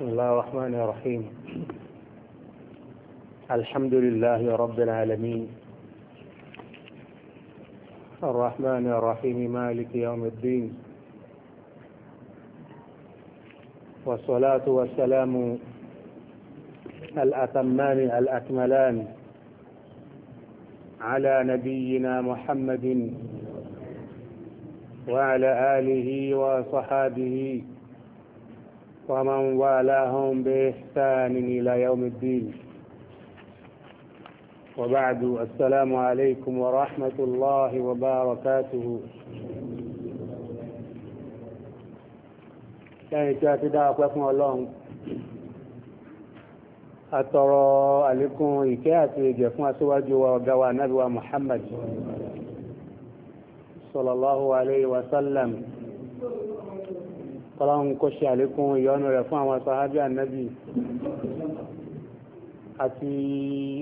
بسم الله الرحمن الرحيم الحمد لله رب العالمين الرحمن الرحيم مالك يوم الدين والصلاة والسلام الأتمان الأكملان على نبينا محمد وعلى آله وصحابه ومن والاهم بإحسان إلى يوم الدين وبعد السلام عليكم ورحمة الله وبركاته lẹ́yìn tí a ti dára pẹ́ fún ọlọ́run àtọ̀rọ̀ àlékún ìkẹ́ àti ìgẹ̀ fún aṣíwájú wa ọ̀gá wa nábì Muhammad sallallahu alayhi wa kọ́láhùn kó ṣe àlékún ìyọ́nú rẹ̀ fún àwọn sàhábí ànábì àti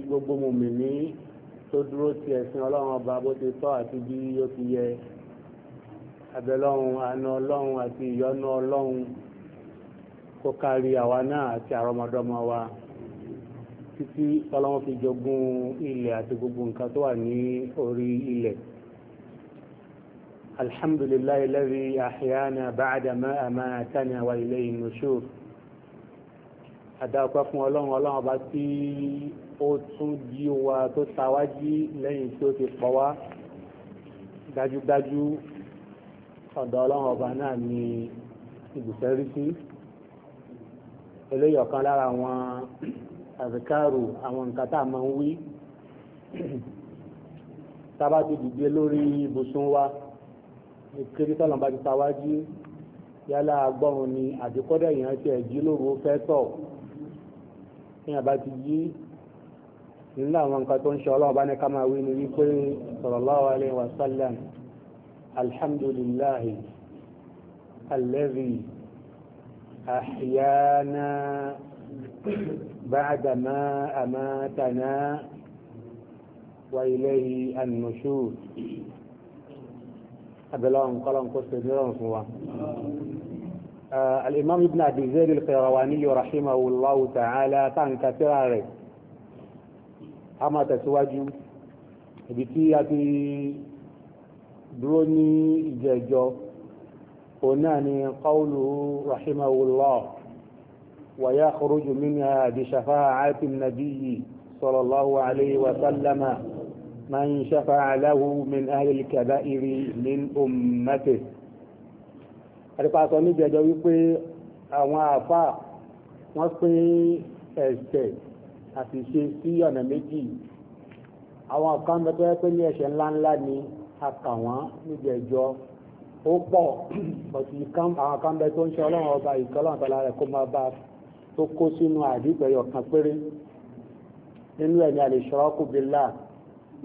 gbogbo mùmìnì tó dúró ti ẹ̀sìn ọlọ́run ọba bó ti tọ́ àti bí ó ti yẹ abẹ́lọ́run àánú ọlọ́run àti ìyọ́nú ọlọ́run kó kárí àwa náà àti àrọmọdọ́mọ wa títí ọlọ́run fi jogún ilẹ̀ àti gbogbo nǹkan tó wà ní orí ilẹ̀. الحمد لله الذي أحيانا بعد ما أماتنا وإليه النشور àdáwọ̀pẹ́ fún ọlọ́run ọlọ́run ọba tí ó tún jí wa tó tawájí lẹ́yìn tí ó ti pọ̀ wá dájúdájú ọ̀dọ̀ ọlọ́run ọba náà ni ibùsẹ́ rí sí eléyìí ọ̀kan lára àwọn àzìkáàrù àwọn nǹkan tá a máa ń wí tábà ti dìde lórí ibùsùn wa kiri tọ́lọ̀ bá ti tawájú yálà agbọ́run ni àdìkọ́dẹ̀ èèyàn ti ẹ̀jí lóru fẹ́ tọ̀ èèyàn bá ti yí nínú àwọn nǹkan tó ń ṣe ọlọ́run bá ní ká máa wí ni wípé sallallahu alaihi wa sallam alhamdulillahi alladhi ahyana ba'da ma amatana wa ilayhi an abẹ́lọ́run kọ́lọ́run kó ṣe nírọ̀rùn fún wa. الإمام ابن أبي زيد القيرواني رحمه الله تعالى تنكسر عليه أما تسواجه ibi tí a ti dúró ní ìjẹjọ òun náà ni qawlu rahimahullah wa yakhruju minha bi shafa'ati an-nabiyyi sallallahu alayhi wa sallama من شفع له من أهل الكبائر من أمته àrípa sọ níbi ẹjọ́ wípé àwọn àfà wọ́n pín ẹ̀ṣẹ̀ àti ṣe sí ọ̀nà méjì àwọn kan bẹ tó yẹ pé ní ẹ̀ṣẹ̀ ńláńlá ni a kà wọ́n níbi ẹjọ́ ó pọ̀ bọ̀tí àwọn kan bẹ tó ń ṣe ọlọ́run ọba ìkọlọ́run ọba rẹ̀ kó máa bá tó kó sínú àdìgbẹ̀yọ̀ kan péré nínú ẹ̀ ní al-ishraku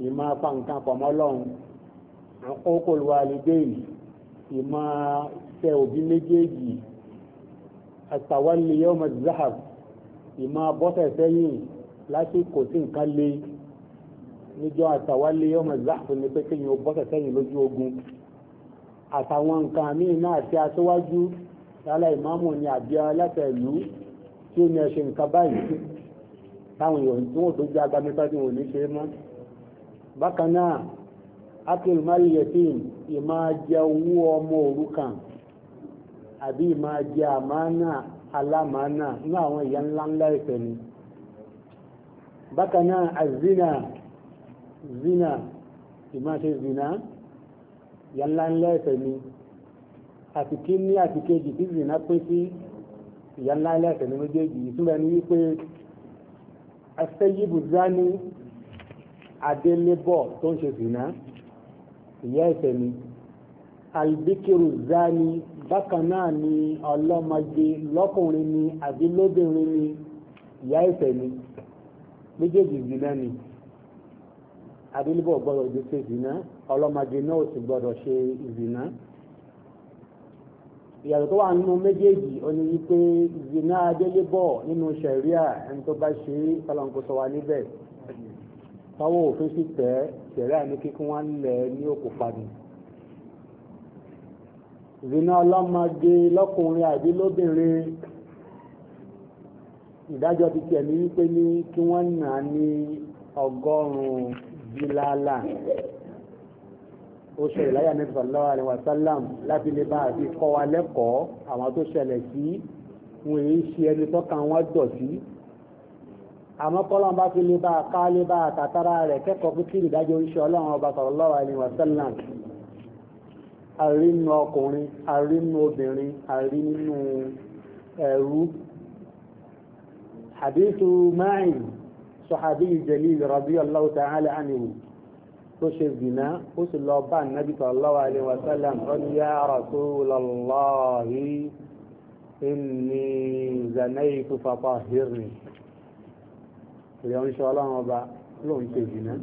ìmọ̀ afa nǹkan pọ̀mọ́ lọ́hùn àkókò wàlídéyìí ìmọ̀ tẹ òbí méjèèjì àtàwálé yọmọ zahab ìmọ̀ bọ́sẹ̀ sẹ́yìn lásìkò tí nǹkan le níjọ́ àtàwálé yọmọ zahab ní pé kéèyàn bọ́sẹ̀ sẹ́yìn lójú ogun àtàwọn nǹkan míì náà tí aṣíwájú yálà ìmáàmù ni àbí alátẹ̀lú tí ó ní ẹṣin nǹkan báyìí táwọn èèyàn tí wọ́n tó jẹ́ agbamífẹ́ tí wọ́n ní ṣe é mọ́ bákan náà akil mali yetim ìmá jẹ owó ọmọ òrukàn àbí ìmá jẹ àmánà alámánà ní àwọn ìyá ńláńlá ẹ̀fẹ̀ ni bákan náà azina zina ìmá ṣe zina ìyá ńláńlá ẹ̀fẹ̀ ni àti kí ní àti kejì tí zina pín sí ìyá ńláńlá ẹ̀fẹ̀ ni méjèèjì ìtumọ̀ ni wípé asẹ́yìbù zani adélébọ̀ tó ń ṣe zìnà ìyá ẹ̀ṣẹ̀ ni albikiru zani bákan náà ni ọlọ́mọge lọ́kùnrin ni àbí lóbìnrin ni ìyá ẹ̀ṣẹ̀ ni méjèèjì zìnà ni adélébọ̀ gbọ́dọ̀ ju ṣe zìnà ọlọ́mọge náà ò sì gbọ́dọ̀ ṣe zìnà ìyàtọ̀ tó wà nínú méjèèjì ó ní wípé zìnà adélébọ̀ nínú ṣẹ̀ríà ẹni tó bá ṣe é kọ́lọ́nkó sọ wa níbẹ̀ táwọn òfin sì tẹ́ ṣẹ̀rẹ́ àní kíkún wá nílẹ̀ ní òkú padì zina ọlọ́mọdé lọ́kùnrin àbí lóbìnrin ìdájọ́ ti tiẹ̀ ní wípé ní kí wọ́n nà á ní ọgọ́rùn-ún bílálà ó ṣẹlẹ̀ láyà ní sallallahu alaihi wasallam láti lè bá àti kọ́ wa lẹ́kọ̀ọ́ àwọn tó ṣẹlẹ̀ sí wọn èyí ṣe ẹni tọ́ka wọn dọ̀tí àmọ́ kọ́lọ́n bá fi lè bá ká lè bá àtàtàrà rẹ̀ kẹ́kọ̀ọ́ fún kí ìdájọ́ oríṣẹ́ ọlọ́run ọba sallallahu alaihi wasallam àrínú ọkùnrin àrínú obìnrin àrínú ẹ̀rú hadithu Ma'in sọ̀hábí jalil radiyallahu ta'ala anhu tó ṣe zìnà ó sì lọ bá nàbí sallallahu alaihi wasallam rọ́ni ya ìrìnṣẹ́ ọlọ́run ọba ló ń tèjì náà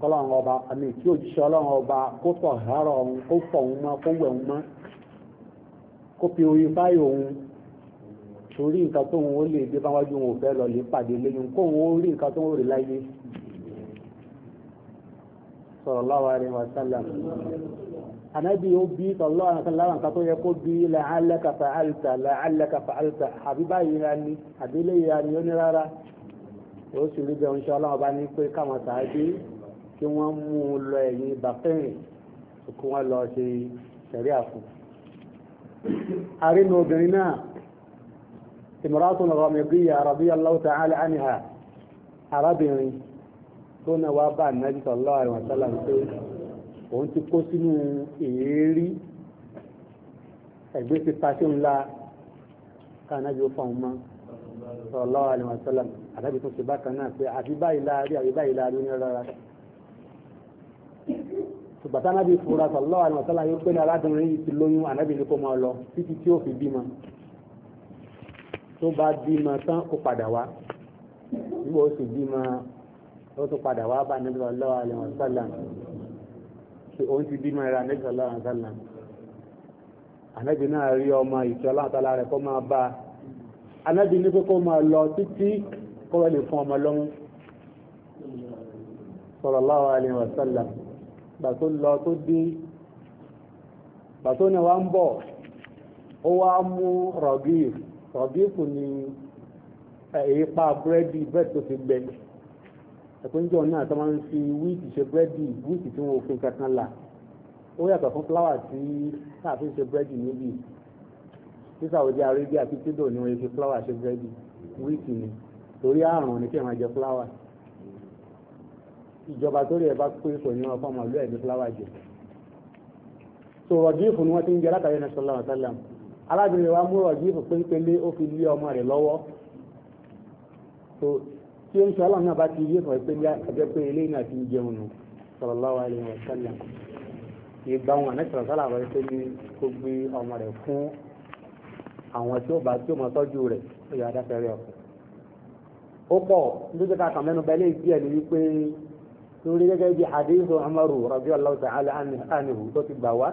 kọ́lọ́run ọba àmì tí òjíṣẹ́ ọlọ́run ọba kó pọ̀ hárọ̀ òun kó pọ̀ òun mọ́ kó wẹ̀ òun mọ́ kó fi orí báyìí òun torí nǹkan tó òun ó lè báwájú òun ò lọ lè pàdé lẹ́yìn kó òun ó rí nǹkan tó ń rí láyé sallallahu alaihi wa sallam anabi ó bí sallallahu alaihi wa sallam nǹkan tó yẹ kó bí la'allaka fa'alta la'allaka fa'alta ra ni àbí ó sì rí bẹ́ẹ̀ oníṣẹ́ ọlọ́run bá ní pé káwọn sàájú kí wọ́n mú un lọ ẹ̀yìn bàfẹ́rìn kí wọ́n lọ ṣe sẹ̀rí àfún. àrínú obìnrin náà imratun ramidiyya radiyallahu ta'ala anha arábìnrin tó náà wá bá Ànábì sallallahu alaihi wasallam pé òun ti kó sínú èérí ẹ̀gbẹ́ ti pàṣẹ ńlá kánájú fọ́ọ̀mọ́ sallallahu alaihi wasallam àdábì tó ṣe bákan náà pé àfi báyìí láàrí àfi báyìí láàrí ní rárá ṣùgbọ́n tánábì fura sallallahu alaihi wasallam yóò pé ní arábìnrin yìí ti lóyún ànábì ní kó máa lọ títí tí ó fi bímọ tó bá bímọ tán kó padà wá nígbà ó sì bímọ ó tún padà wá bá ànábì sallallahu alaihi ṣe òun ti bímọ ẹ̀rọ ànábì sallallahu alaihi ànábì náà rí ọmọ ìṣọ́lá àtàlà rẹ̀ kó máa bá ànábì ní kó máa lọ títí kó wọ́n lè fún ọmọ lọ́mú sallallahu alaihi wasallam gbà tó lọ tó dé gbà tó ní wá ń bọ̀ ó wá mú rọ̀gíf rọ̀gífù ni èépa búrẹ́dì búrẹ́dì tó ti gbẹ ẹ̀kúnjọ́ náà tó máa ń fi wíìtì ṣe búrẹ́dì wíìtì tí wọn ò fi kankan là ó yàtọ̀ fún fúláwà tí káàfin ṣe búrẹ́dì níbi tí Saudi Arabia àti tídò wọ́n fi fúláwà ṣe búrẹ́dì wíìtì ni torí àrùn ní kí ẹ máa jẹ fúláwà ìjọba torí ẹ bá pé kò ní wọn fọ́ ọmọ ìlú ẹ̀ fúláwà jẹ so rọ̀jífù ni wọ́n ti ń jẹ látàrí ẹ̀nà sọ́lá àtàlám arábìnrin wa mú rọ̀jífù péńpélé ó fi lé ọmọ rẹ̀ lọ́wọ́ so tí ó ń sọ ọlọ́run náà bá ti yé fọ̀ pé ẹgbẹ́ pé ilé náà ti ń jẹun nù sallallahu alaihi wasallam ìgbà wọn àná sọ̀rọ̀ sọ́lá àwọn ẹgbẹ́ ní kó gbé ọmọ rẹ̀ fún àwọn ó pọ̀ lójú ká kàn mẹ́nu bẹ́lẹ̀ díẹ̀ ni wípé torí gẹ́gẹ́ bí hadithu Umaru radiyallahu ta'ala anhu tó ti gbà wá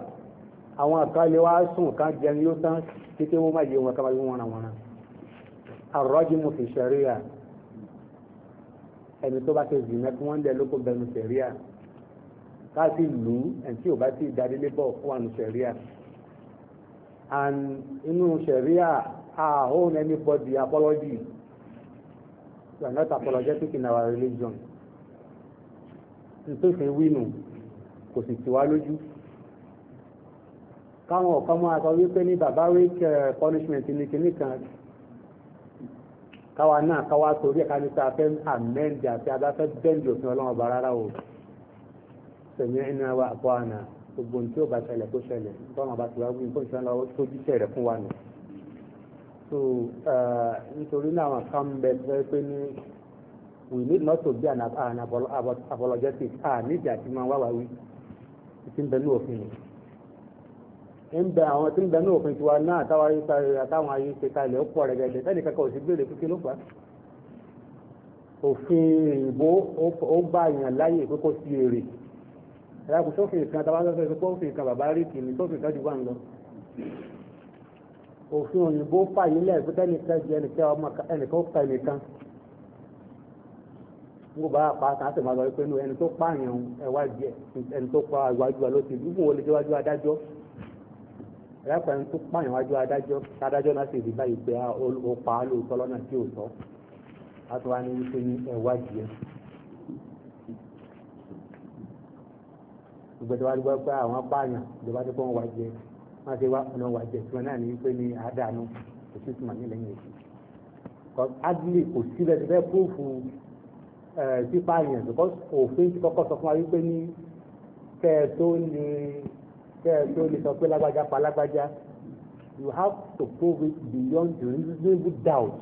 àwọn àkàlẹ̀ wá sùn kan jẹun yóò tán títí wọ́n má yé wọn kábàá wọn wọn arrajimu fi sharia ẹni tó bá ti zì mẹ́kún wọ́n dẹ̀ lóko bẹnu sharia káàsì lù ú ẹ̀ǹtí ò bá ti ìdádélé bọ̀ fún àánú sharia and inú sharia àhóhùn ẹni bọ́dì apọ́lọ́dì we are not apologetic in our religion nítorí wínú kò sì tì wá lójú káwọn ọ̀kan máa sọ wípé ní bàbá wíkẹ́ eh, punishment ní kinní kan káwa náà káwa torí ẹ̀ka ní sáfẹ́ amẹ́ndì àti adáfẹ́ bẹ́ndì òfin ọlọ́run ọba rárá o sẹ̀mí ẹni wa àpọ̀ àná gbogbo ní tí ó bá ṣẹlẹ̀ kó ṣẹlẹ̀ tọ́nà bá ti wá wí nǹkan ìṣẹ́ ó tójú ṣẹlẹ̀ fún wa nù so uh, nítorí náà àwọn kan bẹ fẹ́ pé ní we need not to be an, apologetic ah níjà tí máa wá wá wí tí ń bẹ ní òfin yìí ń bẹ àwọn tí ń bẹ ní òfin tiwa náà táwọn ayé sáré àtàwọn ayé ṣe kalẹ̀ ó pọ̀ rẹ̀gẹ̀dẹ̀ sẹ́ni kankan ò sí gbèrè kí ló fà á òfin ìbò ó bá èèyàn láyè pé kó sí èrè ẹ̀rọ kò sófin kan tábà ń sọ pé sófin kan bàbá rí kìíní sófin kan ju wà ń lọ òfin òyìnbó fàyè lẹ̀ pé tẹ́nìkan di ẹnìkan ọmọ ẹnìkan ó pa ẹnìkan n kò bá a pa sáà tẹ̀mọ́ àgbàdo pé nù ẹni tó pààyàn ẹ̀wá díẹ̀ ẹni tó pa ìwájú wa ló ti dúkùn wọlé déwájú adájọ́ ẹ̀rẹ́pọ̀ ẹni tó pààyàn wájú adájọ́ adájọ́ náà sì rí báyìí pé ó pa á lóòótọ́ lọ́nà tí ò tọ́ a tó wá ní wípé ní ẹ̀wá díẹ̀. ìgbẹ́tẹ̀ wá gbọ́ pé àwọn pààyàn ìjọba tó kọ́ wọn wá díẹ̀ má ṣe wá ọ̀nà wà jẹ̀ tiwọn náà ní pé ní àdánù kò sí tùmọ̀ nílẹ̀ yẹn kò adley kò sí bẹ́ẹ̀ bẹ́ẹ̀ púrúfù sípa yẹn because òfin ti kọ́kọ́ sọ fún wa wípé ní kẹ́ ẹ tó lè kẹ́ ẹ tó lè sọ pé lágbájá pa lágbájá you have to prove it beyond the reasonable doubt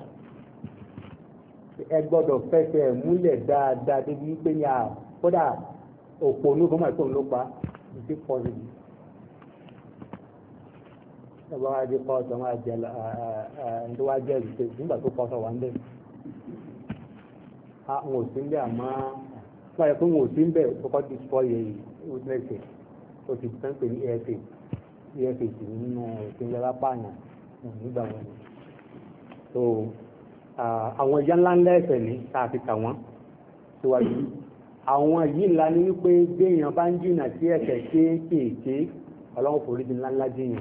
ẹ gbọ́dọ̀ fẹsẹ̀ múlẹ̀ dáadáa débi wípé ní à kódà òpó onúgbọmọ ìpòun ló pa is it possible ọba wa di kọ́ọ̀tù ọmọ àjẹ ẹ̀ẹ́dẹ́ wa jẹ́ ìṣe nígbà tó kọ́ọ̀tù wà ń bẹ̀. àwọn òsín bẹ́ẹ̀ àmọ́ wọ́n yẹ kó wọn òsín bẹ́ẹ̀ tó kọ́ ti sọ yẹ witness tó ti tán pé ní airfa airfa sì nínú òsín yàrá pààyàn nígbà wọn ni. so àwọn ìyá ńlá ńlá ẹ̀sẹ̀ ní tá a fi kà wọ́n síwájú àwọn yìí ńlá ni wípé béèyàn bá ń jìnnà sí ẹ̀sẹ̀ kéékèèké ọlọ́run kò rí di ńlá ńlá jìnnà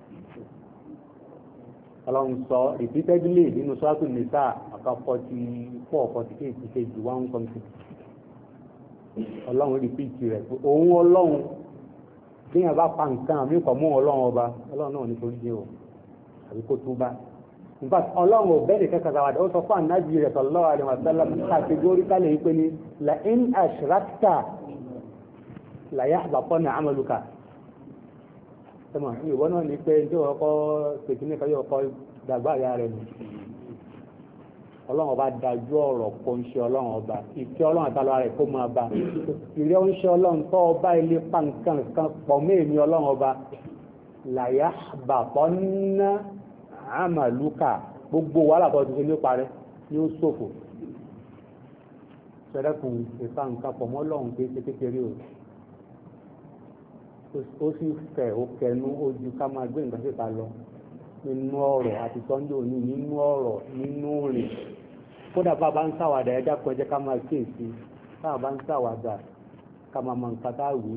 ọlọ́run sọ repeatedly nínú sọ́ọ́tù nìta ọ̀kan forty four forty eight kejì one something ọlọ́run repeat rẹ̀ òun ọlọ́run bíyàn bá pa nǹkan àmì kọ̀ mú ọlọ́run ọba ọlọ́run náà ní torí jẹ́ o àbí kó túbá in fact ọlọ́run ọ̀bẹ́ nìkan kàkàwàdà ó sọ fún ànájì rẹ̀ sallallahu alaihi wasallam categorically yìí pé ní la in ashrakta la yahbatanna amaluka sọmọ ìwọ náà ní pé tí ọkọ pèkínní kan yóò kọ dàgbà ya rẹ nù ọlọ́run ọba dájú ọ̀rọ̀ kó ń ṣe ọlọ́run ọba ìfẹ́ ọlọ́run àtàlọ́ rẹ̀ kó máa bá ìrẹ́ ń ṣe ọlọ́run tó ọba ilé pàǹkan kan pọ̀ méèmí ọlọ́run ọba làyà bàbọ̀ ńná àmàlùkà gbogbo wàhálà tó ti ṣe ní parẹ́ ní ó ṣòfò ṣẹlẹ́kùn ìfàǹkan pọ̀ mọ́ ọlọ́run kéékèèké o ó sì fẹ̀ ó kẹnu ó ju ká máa gbé nǹkan síta lọ nínú ọ̀rọ̀ àti sunday òní nínú ọ̀rọ̀ nínú rìn kódà bá bá ń ṣàwàdà ẹja kan ẹjẹ ká máa kíyèsí tá a bá ń ṣàwàdà ká máa mọ nǹkan tá a wí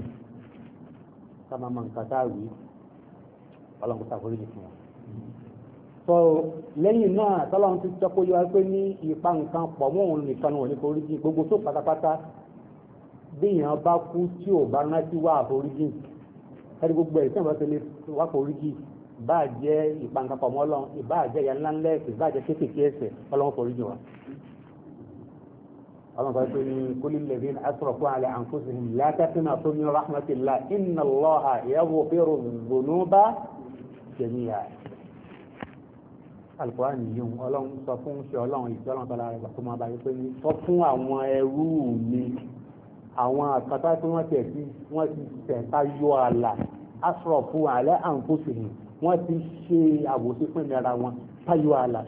ká máa mọ nǹkan tá a wí ọlọ́run ṣàforí nìkan sọ lẹ́yìn náà tọ́lọ́run ti sọ pé yọ pé ní ipa nǹkan pọ̀ mọ́ òun nìkan ni wọ́n ní forí jìn gbogbo tó pátápátá bí èèyàn bá kú tí ò bá rántí wá àforí ẹni gbogbo ẹ̀ sẹ́yìn bá ti lè wá pọ̀ oríkì ìbá jẹ́ ìpankapọ̀mọ́ ọlọ́run ìbá jẹ́ ìyá ńlá ńlá ẹ̀sẹ̀ ìbá jẹ́ kéékèèké ẹ̀sẹ̀ ọlọ́run forí jù wá. ọlọ́run sọ pé ní kólí lẹ́bí asọ̀rọ̀kọ́ alẹ́ àǹfóṣe látàkínà tó ní rahmatillah inna allaha yaghfiru dhunuba jami'a. alukóra nìyí ọlọ́run sọ fún ṣe ọlọ́run sọ fún àwọn ẹrú mi àwọn àkàtà tí wọ́n tẹ̀ sí wọ́n ti tẹ̀ka yọ àlà asrọ̀fù àlẹ́ àǹkóṣìlì wọ́n ti ṣe àwòṣe pẹ̀lú ara wọn táyọ àlà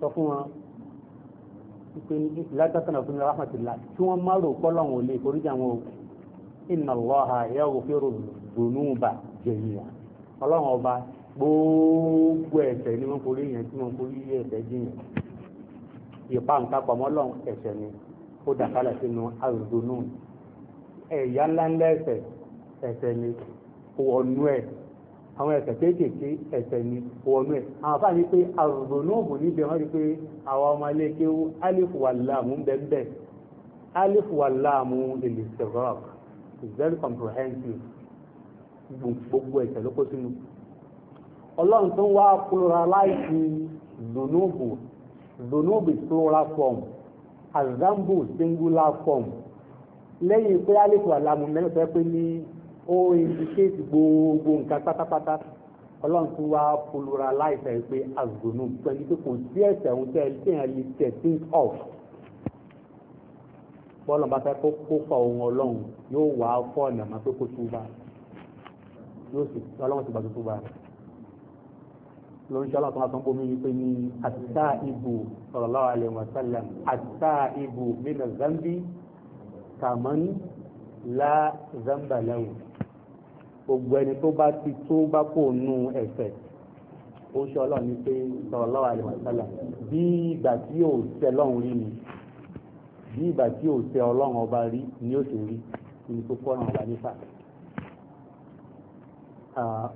sọ fún wọn pé látàkànà fún mi rahmatullah tí wọ́n má rò pọ́lọ́ wọn lè forí jà wọn o inna Allaha yaghfiru dhunuba jami'a ọlọ́run ọba gbogbo ẹ̀ṣẹ̀ ni wọ́n forí yẹn tí wọ́n forí ẹ̀ṣẹ̀ jìyàn ìpa nǹkan pamọ́ lọ́run ẹ̀ṣẹ̀ ni ó dàkálà sínú azonu ẹ̀yà ńláńlá ẹ̀ṣẹ̀ ẹ̀ṣẹ̀ ni wọnú ẹ̀ àwọn ẹ̀ṣẹ̀ kéékèèké ẹ̀ṣẹ̀ ni wọnú ẹ̀ àwọn afáà ní pé azonu bò níbi wọn rí pé àwọn ọmọ ilé kéwú alifu wà láàmú bẹ́ẹ̀ alifu wà láàmú lèlè is very comprehensive gbogbo ẹ̀ṣẹ̀ ló kó sínú ọlọ́run tó ń wá pluralize zonobu zonobu plural form azambo singular form lẹ́yìn pé alifu alamu mẹ́rin fẹ́ pé ní ó indicate gbogbo nǹkan pátápátá ọlọ́run tún wá pluralize ẹ̀ pé azonu pẹ̀lú pé kò sí ẹ̀sẹ̀ ohun tẹ́ ẹ tẹ́yàn lè tẹ̀ think of bọ́ọ̀lù bá fẹ́ kó kópa ohun ọlọ́run yóò wá fọ́ọ̀nà máa pé kó túbà yóò sì ọlọ́run ti gbà tó túbà rẹ̀ lórí ṣọ́lá tó máa tán bómi wípé ní àtà ìbò sallallahu alaihi wa sallam ìbò mina zambi kàmán la zamba lahu gbogbo ẹni tó bá ti tó bá kò nù ẹ̀ṣẹ̀ ó ṣọ́lọ́ ní pé sallallahu alaihi wa sallam bí ìgbà tí yóò tẹ lọ́hùn rí ni bí ìgbà tí yóò tẹ ọlọ́hùn ọba rí ni ó sì rí ní tó kọ́ ọ̀ràn ọba nípa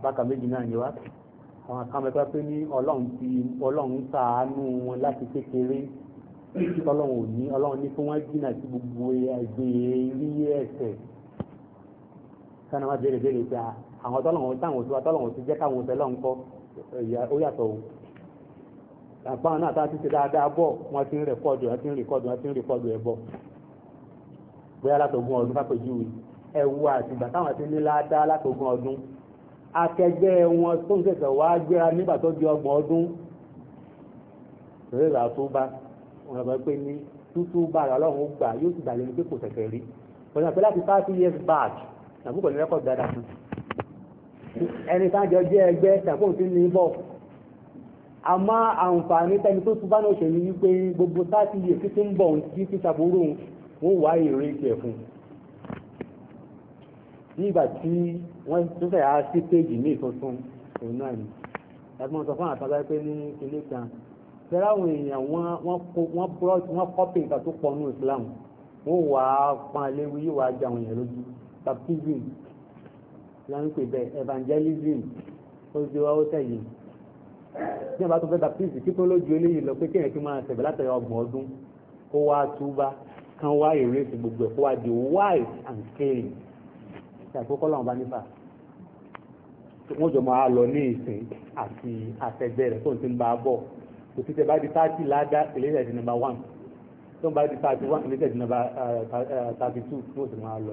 bákan méjì náà ni wá àwọn akámẹ́tọ́ pé ní ọlọ́run ti ọlọ́run ṣàánú wọn láti kékeré ọlọ́run ò ní ọlọ́run ní kí wọ́n jìnnà sí gbogbo ẹgbẹ́ rí ẹ̀ṣẹ̀ sani wọn béèrè béèrè pé àwọn tọ́lọ̀wọ̀n táwọn òṣùwà tọ́lọ̀wọ̀n ti jẹ́ káwọn òṣèlọ́ ńkọ́ ó yàtọ̀ o àpáwọn náà táwọn ti ṣe dáadáa bọ̀ wọ́n ti ń rẹ̀kọ́dù wọ́n ti ń rẹ̀kọ́dù wọ́n ti ń rẹ̀kọ́dù ẹ̀ bọ̀ bóyá látọ̀gùn ọdún fàpèjúwe ẹ̀wù àtìgbà táwọn ti ní ládá látọ̀gùn ọdún akẹgbẹ́ wọn tó ń ṣẹ̀ṣẹ̀ wá gbéra nígbà tó di ọgbọ̀n ọdún rírà tó bá wọn lọ pé ní tútú bára ọlọ́run gbà yóò sì gbàlẹ́ ní pé kò ṣẹ̀ṣẹ̀ rí wọn lọ pé láti thirty years back nàbùkọ̀ ní rẹ́kọ̀dì dáadáa fún ẹni tá jọ jẹ́ ẹgbẹ́ tàbí tí ní bọ̀ àmọ́ àǹfààní tẹni tó tún bá náà ṣe ní wípé gbogbo thirty years títí ń bọ̀ ní sísàbúrò wọn wà èrè ìṣẹ̀ nígbà tí wọ́n tún fẹ̀ á sí péjì ní ìfọ̀tún òun náà ni ẹgbọ́n sọ fún àtàgbà pé ní ilé kan tẹ́lá àwọn èèyàn wọ́n kọ́pì nǹkan tó pọ̀ ní Islam wọ́n wà á pan léwu yíwà á jà àwọn èèyàn lójú baptism la ń pè bẹ́ẹ̀ evangelism ó di wá ó tẹ̀yìn ní ọba tó fẹ́ baptism kí tó lójú eléyìí lọ pé kéèyàn kí máa ṣẹ̀bẹ̀ látàrí ọgbọ̀n ọdún kó wá túbá kan wá eré gbogbo ẹ̀ kó wá di wise and caring ṣàkókò lọ́wọ́ bá nípa wọ́n jọ máa lọ ní ìsìn àti àtẹ̀gbẹ́ rẹ̀ tó ń ti ń bá a bọ̀ kò sí tẹ́ bá di thirty ládá ìlẹ́sẹ̀ di number one tó ń bá di thirty one ìlẹ́sẹ̀ di number eh, thirty two tó sì máa lọ.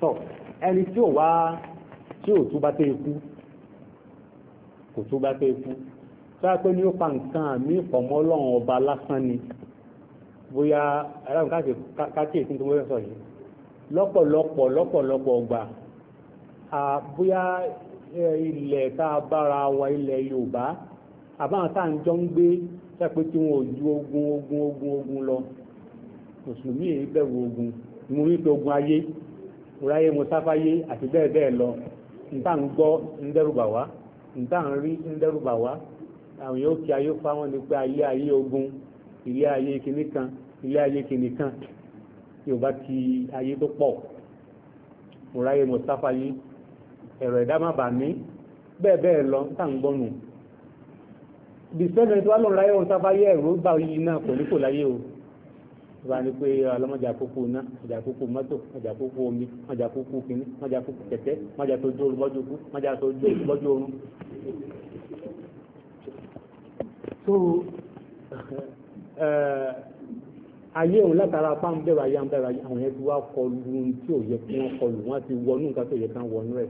tọ́ ẹni tí ò wá tí ò tún bá tẹ́ ikú kò tún bá tẹ́ ikú tó yà pé ní ó pa nǹkan àmì ìfọ̀mọ́ ọlọ́run ọba lásán ni bóyá aláwọ̀ káàkiri tí wọ́n sọ yìí lọ́pọ̀lọpọ̀ lọ́pọ̀lọpọ̀ ọgbà ilẹ̀ tá a bára wa ilẹ̀ yorùbá àbáwọn tá à ń jọ ń gbé sẹ́pẹ́ tí wọn ò ju ogun ogun ogun ogun lọ mùsùlùmí èyí bẹ̀rù ogun mo rí pé ogun ayé mo ráyé mo sáfáyé àti bẹ́ẹ̀ bẹ́ẹ̀ lọ níta ń gbọ́ ń dẹ́rù bà wá níta ń rí ń dẹ́rù bà wá àwọn yóò kí ayé fáwọn ní pé ayé ayé ogun ilé ayé kìíní kan ilé ayé kìíní kan yorùbá ti ayé tó pọ̀ mo ráyé ẹ̀rọ ẹ̀dá má bà mí bẹ́ẹ̀ bẹ́ẹ̀ lọ tá ń gbọ́nù bìsẹ́mẹ̀tì wà lọ́nà ayéwọ̀n sáfáyé ẹ̀rọ bá yìí náà kò ní kò láyé o wà ní pé ọlọ́mọdé àkókò iná ọjà àkókò mọ́tò ọjà àkókò omi ọjà àkókò kìnní ọjà àkókò kẹ̀kẹ́ ọjà tó jó lọ́jọ́ kú ọjà tó jó lọ́jọ́ oorun. so eh, ayé òun látara pàm bẹ̀rẹ̀ ayé àwọn yẹn ti wá kọlu ohun tí ò yẹ kí wọ́n kọlu wọ́n ti wọnú nǹkan tó yẹ kí wọ́n wọnú rẹ̀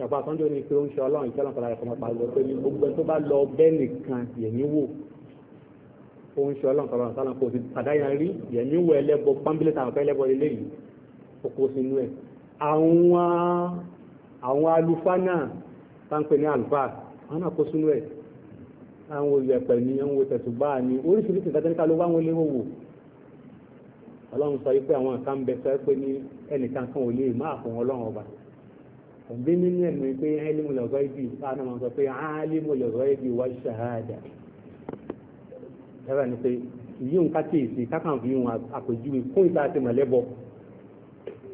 ìyàpá àtọ́jọ́ ni pé ó ń ṣe ọlọ́run ìtẹ́lọ̀ kọ́lá ẹ̀kọ́ máa lọ pé gbogbo tó bá lọ bẹ́ẹ̀ nìkan yẹ̀mí wò ó ń ṣe ọlọ́run kọ́lá ọ̀sán kò sí pàdáyà rí yẹ̀mí wò ẹlẹ́bọ pọ́nbílẹ̀ tàwọn fẹ́ lẹ́bọ lélẹ́ yìí ó kó sínú ẹ̀. àwọn alufa náà tá ń pè ní alufa àwọn náà kó sínú ẹ̀ àwọn olùyẹ̀pẹ̀ ni àwọn olùtẹ̀tùbá ni oríṣiríṣi ìdájọ́ ló wá wọn lé wò ọlọ́run sọ wípé àwọn kan bẹ sọ pé ní ẹnìkan kan ò lè má òǹdí nínú ẹ̀mí pé ẹ́límù lọ́gọ́ ibi ìfáànà wọn sọ pé áálímù lọ́gọ́ ibi wá ṣàhádà ẹ̀rọ ni pé yíyún kákèèsí kákàn fi yíyún àpèjúwe fún ìta àti mọ̀lẹ́bọ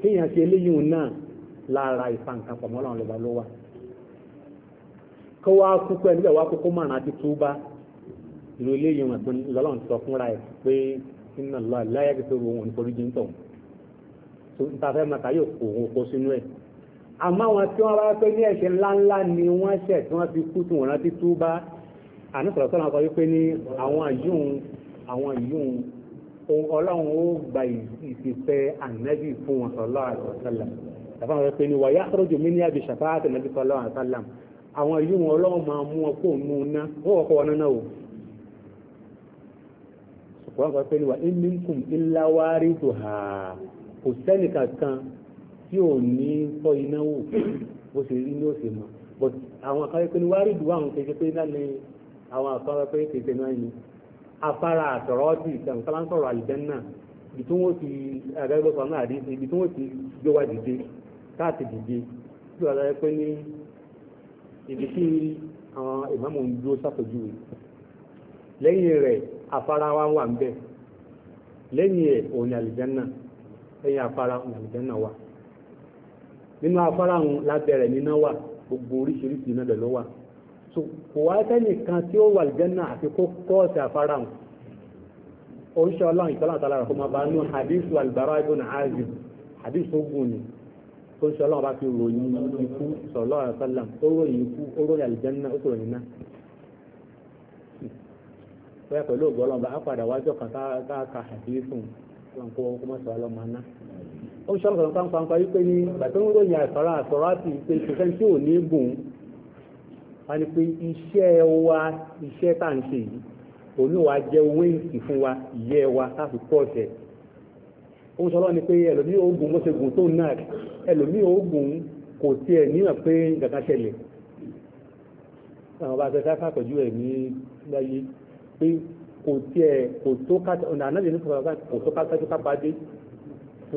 kéèyàn ṣe eléyìí náà lára ìfàǹkan pọ̀ mọ́lọ́run lọ́ba ló wà kó wá kú pẹ̀lú ẹ̀ wá kókó márùn-ún àti túbá ìlú eléyìí wọn tó lọ́lọ́run sọ fúnra ẹ̀ pé iná lọ láyé kí tó ro òun forí jí ń tọ̀ fẹ́ máa ká kó sínú ẹ̀ àmọ́ wọn tí wọ́n bá pé ní ẹ̀ṣẹ̀ ńláńlá ni wọ́n ṣẹ̀ tí wọ́n fi kú tí wọ́n rántí tú bá àníṣọ̀rọ̀sọ́nà sọ wípé ní àwọn yíùn àwọn yíùn ohun ọlọ́run ó gba ìfẹ́ ànábì fún wọn sọ̀lọ́ àtọ̀sọ́lá ṣàfihàn wípé ní wàyá àtọ́jọ́ mi ní àbí ṣàfáàtì nàbí sọ̀lọ́ àtọ́sọ́lá àwọn yíùn ọlọ́run máa mú wọn kó nù ná ó wọ́n kọ́ wọn náà o ṣùgbọ́n wọ́n pẹ́ ní wà ní minkum illa wariduha kò sẹ́nìkan kan tí ò ní sọ iná wò bó ṣe rí ní òṣè mọ́ but àwọn àkàrẹ́ pé ní wárí ìdúró àwọn kẹjẹ pé náà ni àwọn àkàrẹ́ pé kẹjẹ náà ni afárá àtọ̀rọ̀ ọ̀dì ìtànkálá ń sọ̀rọ̀ àlùjẹ́ náà ibi tí wọ́n ti àgbẹ̀gbẹ̀sọ náà rí ibi tí wọ́n ti gbé wa dìde káàtì dìde tí wọ́n lọ́yẹ pé ní ibi tí àwọn ìmáàmù ń dúró sàpèjú rẹ̀ lẹ́yìn afárá wa wà ń bẹ̀ lẹ́yìn ẹ̀ òun ni àlùjẹ́ náà lẹ́yìn afárá òun ni àlùjẹ́ náà wà nínú afárá àwọn lábẹ́rẹ̀ níná wà gbogbo oríṣiríṣi iná lẹ̀ ló wà so kò wá sẹ́nìkan tí ó wà lìjẹ́nà àti kó kọ́ọ̀sì afárá àwọn oríṣi ọlọ́run ìtọ́lá àtàlára kó máa bá nú hadith al-Bara ibn Azib hadith ogun ni tó ń ṣe ọlọ́run bá fi ròyìn ikú sallallahu alaihi wasallam ó ròyìn ikú ó ròyìn àlìjẹ́nà ó sọ̀rọ̀ níná bóyá pẹ̀lú ògbọ́lọ́run bá á padà wájọ́ kan tá a ka hadith fún un kó máa sọ ọlọ́run máa ná ó ń sọ̀rọ̀ pàǹpàǹpà wípé ní ìgbà tó ń ròyìn àìsàrà àsọ̀rọ̀ àti ìpè ìṣẹ̀fẹ́ tí ò ní gùn a ní pé iṣẹ́ wa iṣẹ́ tá à ń ṣe yìí olúwa jẹ́ wéǹtì fún wa ìyẹ́ wa láti pọ̀ ọ̀sẹ̀ ó ń sọ̀rọ̀ ni pé ẹlòmí oògùn bó ṣe gùn tó náà ẹlòmí oògùn kò tiẹ̀ níwọ̀n pé gàgà ṣẹlẹ̀ àwọn bá ṣe káfà pẹ̀jú ẹ̀ ní láyé pé kò tiẹ̀ kò tó kátà ọ̀nà àná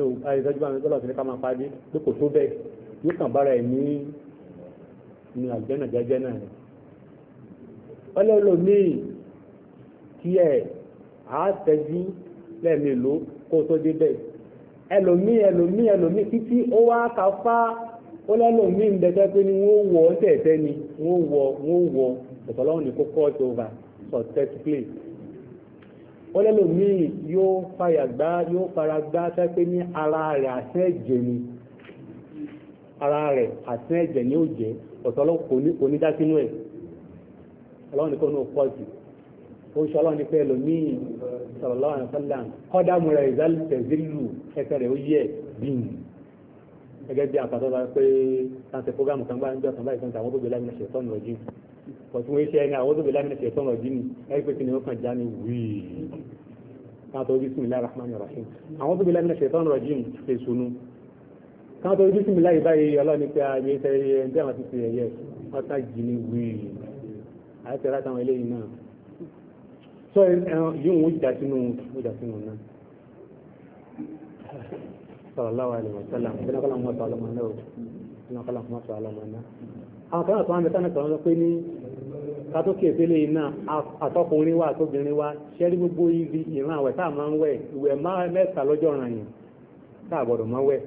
pé òun ká na ní ká pàdé pé tó bẹ́ẹ̀ yóò kàn bára ẹ̀ ní ní àlùjànnà jẹ́jẹ́ náà rẹ̀. ọlọ́ọ̀lọ́mìí kí ẹ̀ á tẹ́jú lẹ́ẹ̀mélòó kó tó dé bẹ́ẹ̀ ka fá ó lẹ́lòmíì ń pé ni wọ́n wọ ọ́ tẹ̀tẹ́ ni wọ́n wọ wọ́n wọ́n lẹ́lò míì yóò fàyà gbá yóò fara gbá sẹ́pẹ́ ní ara rẹ̀ àṣẹ ẹ̀jẹ̀ ni ara rẹ̀ àṣẹ ẹ̀jẹ̀ ni ó jẹ́ ọ̀tọ̀ ọlọ́run kò ní dá sínú ẹ̀ ọlọ́run nìkan náà pọ̀ jù ó ṣe ọlọ́run nípa ẹlòmíì sallallahu alaihi wasallam kọ́dàmù rẹ̀ ìzálùtẹ̀ ẹsẹ̀ rẹ̀ ó yẹ bíi gẹ́gẹ́ bí àpàtọ́ pé láti fọ́gáàmù kan bá ń jọ pọ̀tún wọ́n iṣẹ́ ẹni àwọn tó bẹ̀rẹ̀ lámìnà ṣẹ̀tọ́ ọ̀rọ̀ dínì ẹgbẹ́ tí ni wọ́n kàn já ní wíì káàtó bismillahir rahmanir rahim àwọn tó bẹ̀rẹ̀ lámìnà ṣẹ̀tọ́ ọ̀rọ̀ dínì ṣe sunú káàtó bismillah báyìí ọlọ́ni pé ayé ṣe ẹyẹ ẹni tí àwọn ti ṣe ẹyẹ ọ̀tá jì ní wíì àti ẹ̀rọ àtàwọn eléyìí náà sọ eh, yìí wọ́n jà sínú jà sínú náà sallallahu alaihi wasallam bí náà kọ́lá mọ́ sọ àwọn kan àtàwọn mẹ́ta náà sọ̀rọ̀ pé ní katókè ìpele iná àtọkùnrin wa àtọbìnrin wa ṣẹ́rí gbogbo ibi ìran àwẹ̀ tá a máa ń wẹ̀ ìwẹ̀ mẹ́ta lọ́jọ́ ọ̀ràn yìí a gbọ́dọ̀ máa wẹ̀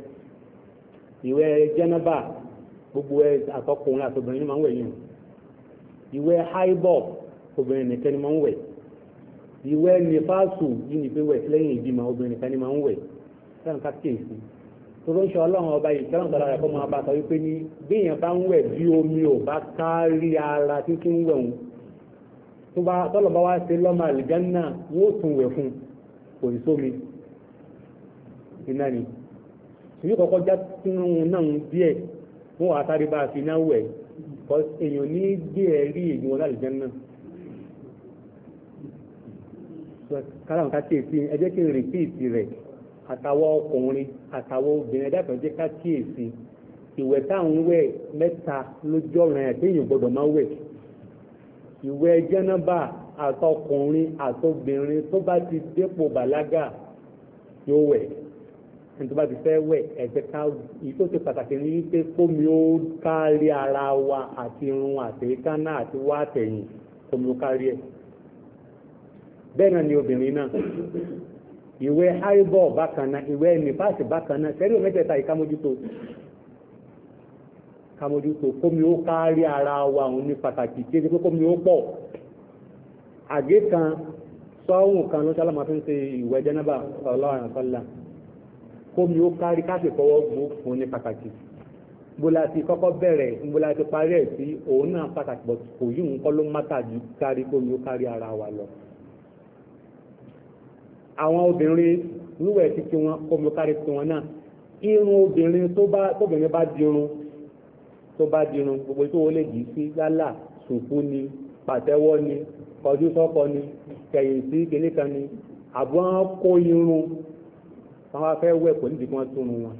ìwẹ̀ jẹ́nẹ́bà gbogbo ẹ̀ àtọkùnrin àtọbìnrin ni máa ń wẹ̀ yìí ìwẹ̀ haibọ̀ obìnrin nìkan ni máa ń wẹ̀ ìwẹ̀ nífàsù tòró ń ṣe ọlọ́run ọba yìí tẹ́lọ̀ tọ́lá rẹ̀ kó máa bá sọ wípé ní bí èèyàn bá ń wẹ̀ bí omi ò bá kárí ara títí ń wẹ̀ òun tó bá tọ́lọ̀ bá wá ṣe lọ́mọ àlìjánná wọ́n ó tún wẹ̀ fún kò ní sómi iná ni ìlú kọ́kọ́ já sínú náà díẹ̀ wọ́n wà á sáré bá a fi iná wẹ̀ kọ́ èèyàn ní gbé ẹ̀ rí èyí wọn lálìjánná kálàǹkà tí èsì ẹ jẹ́ kí n rìpíìtì rẹ̀ àtàwọn ọkùnrin àtàwọn obìnrin ẹ̀dàkàn jẹ́ ká kíyèsí ìwẹ̀ táwọn wẹ̀ mẹ́ta lójú ọ̀ràn ẹ̀ téèyàn gbọ́dọ̀ máa wẹ̀ ìwẹ̀ jẹ́nàbà àtọkùnrin àtobìnrin tó bá ti dépò bàlágà yóò wẹ̀ ẹni tó bá ti fẹ́ wẹ̀ ẹ̀jẹ̀ ká èyí tó ṣe pàtàkì ní wípé kómi ó kárí ara wa àti irun àtẹ̀yíkáná àti wá àtẹ̀yìn kómi ó kárí ẹ̀ bẹ́ẹ̀ náà ni obìnrin náà ìwé haibọ̀ bákanáà ìwé nípasì bákanáà sẹ́rí òmẹ́tẹ̀ẹ̀ta yìí kámójútó kámójútó kómi ó kárí ara wa òun ní pàtàkì tí ó kómi ó pọ̀ àgé kan sọ́hùn kan ló sálàmà fi ń ṣe ìwé jẹ́nàbà ọlọ́run sọ́là kómi ó kárí káṣì fọwọ́ gbó òun ní pàtàkì bóla ti kọ́kọ́ bẹ̀rẹ̀ bóla ti parí ẹ̀ sí òun náà pàtàkì bọ̀ kò yí nǹkan ló mátà ju kárí kómi ó kárí ara wa lọ àwọn obìnrin níwẹ̀ tí kí wọ́n kọ́ mọ́kárí tí wọ́n náà irun obìnrin tó bá tóbìnrin bá dirun tó bá dirun gbogbo tó wọlé yìí sí yálà ṣùkú ni pàtẹ́wọ́ ni kọjú sọ́kọ ni kẹ̀yìn sí kìnní kan ni àbọ̀ wọn kó irun wọn wá fẹ́ wẹ̀ kò nídìí kí wọ́n tún irun wọn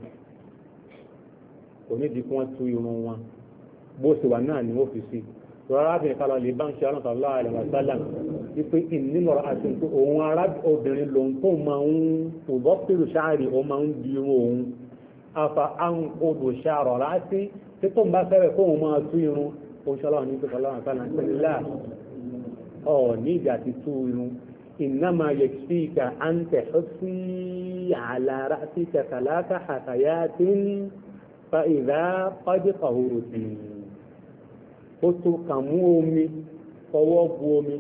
kò nídìí kí wọ́n tún irun wọn bó ṣe wà náà ni wọ́n fi sí rárá bìnrin kan lè bá ń ṣe ọlọ́sàn lọ́wọ́ àlẹ́ wàsálàmù wípé ìnílọ̀rọ̀ àti nǹkan òun arábìnrin lòun tó máa ń tòbọ́ pèrò ṣáàrì ó ń di òun afa àǹkóòdò ṣàrọ̀ láti tí tó ń bá fẹ́rẹ̀ kóun máa tú irun oṣọ́lá ní ní ìdí àti tú ó tó kà omi fọwọ́ bu omi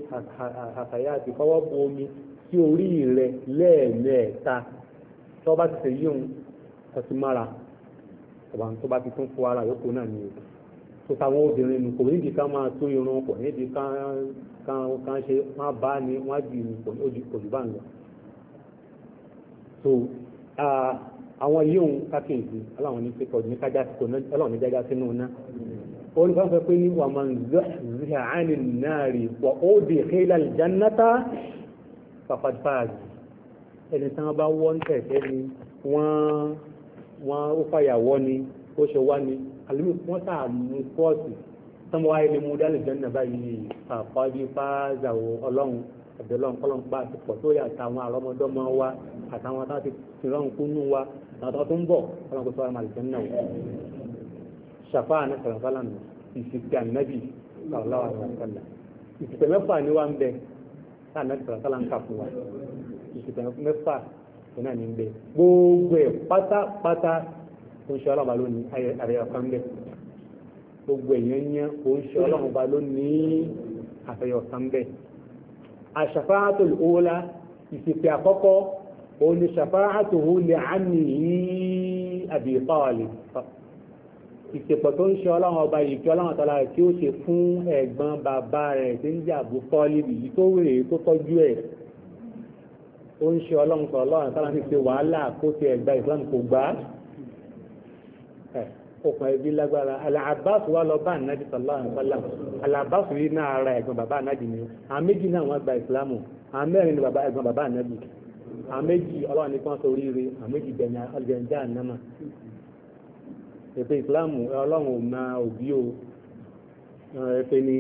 àkàyà àti fọwọ́ bu omi sí orí rẹ lẹ́ẹ̀mẹ́ẹ̀ta tó bá ti tẹ̀yí òun tọ́sí mára ọ̀bà tó bá ti tún fọ ara yòókù náà ni èdè tó táwọn obìnrin nù kò nídìí ká máa tún irun kò nídìí ká kan ṣe wọ́n bá ní wọ́n jì ní kò jù bá ń lọ. so àwọn yíò ń kákèèjì aláwọn ní pẹ́kọ̀ọ́ ní kájá sínú náà olùkọ́sọ pé ní wà máa ń zíhà ánì náà rí wà ó di hílà jannata pàpàdpàdì ẹni tán bá wọ́n tẹ̀sẹ̀ ni wọ́n wọ́n ó fàyàwọ́ ni ó ṣe wá ni àlùmí wọ́n sáà mú pọ́ọ̀sì tán wá ilé mú dálẹ̀ jẹ́nà báyìí pàpàdì ọlọ́run àbẹ̀lọ́run kọ́lọ́n pa àti tó yà àtàwọn àrọ́mọdọ́mọ wa àtàwọn tá ti tìrọ̀ǹkúnú wa àtàwọn tó ń bọ̀ ọlọ́run kò sọ ṣàfà àná sàlàsàlà nù ìsìnkú ànábì sàlàwà sàlàsàlà ìsìnkú mẹ́fà ni wà ń bẹ ànábì sàlàsàlà ń kà fún wa ìsìnkú mẹ́fà ìná ni ń bẹ gbogbo ẹ̀ pátápátá oṣù ọlọ́ba ló ní àríyá kan bẹ gbogbo ẹ̀yàn yẹn oṣù ọlọ́ba ló ní àfẹyọ̀ kan bẹ àṣàfà àtòlùwọ́lá ìsìnkú àkọ́kọ́ òun ni ṣàfà àtòwò lè àmì yìí àbí Talib ìṣèpọ̀ tó ń ṣe ọlọ́run ọba yìí kí ọlọ́run tọ́lá rẹ̀ tí ó ṣe fún ẹ̀gbọ́n bàbá rẹ̀ tí ń jàbú fọ́ọ̀lì yìí tó wèrè tó tọ́jú ẹ̀ ó ń ṣe ọlọ́run sọ̀rọ̀ lọ́run tọ́lá ti ṣe wàhálà kó ti ẹ̀gbà Islam kò gbà á okùn ẹbí lágbára Al-Abbas wà lọ bá ànájì sọ̀lá àǹfàlà al yìí náà ara ẹ̀gbọ́n bàbá ànájì ni àwọn méjì náà wọ́n gba Islam àwọn mẹ́rin ni ẹ̀gbọ́n bàbá ànájì àwọn méjì ọlọ́run ní kí wọ́n sọ oríire àwọn méjì gbẹ̀yìn àlùjẹ̀ ń dá àná èpè ìsìláàmù ọlọ́run ò mọ òbí o èpè ni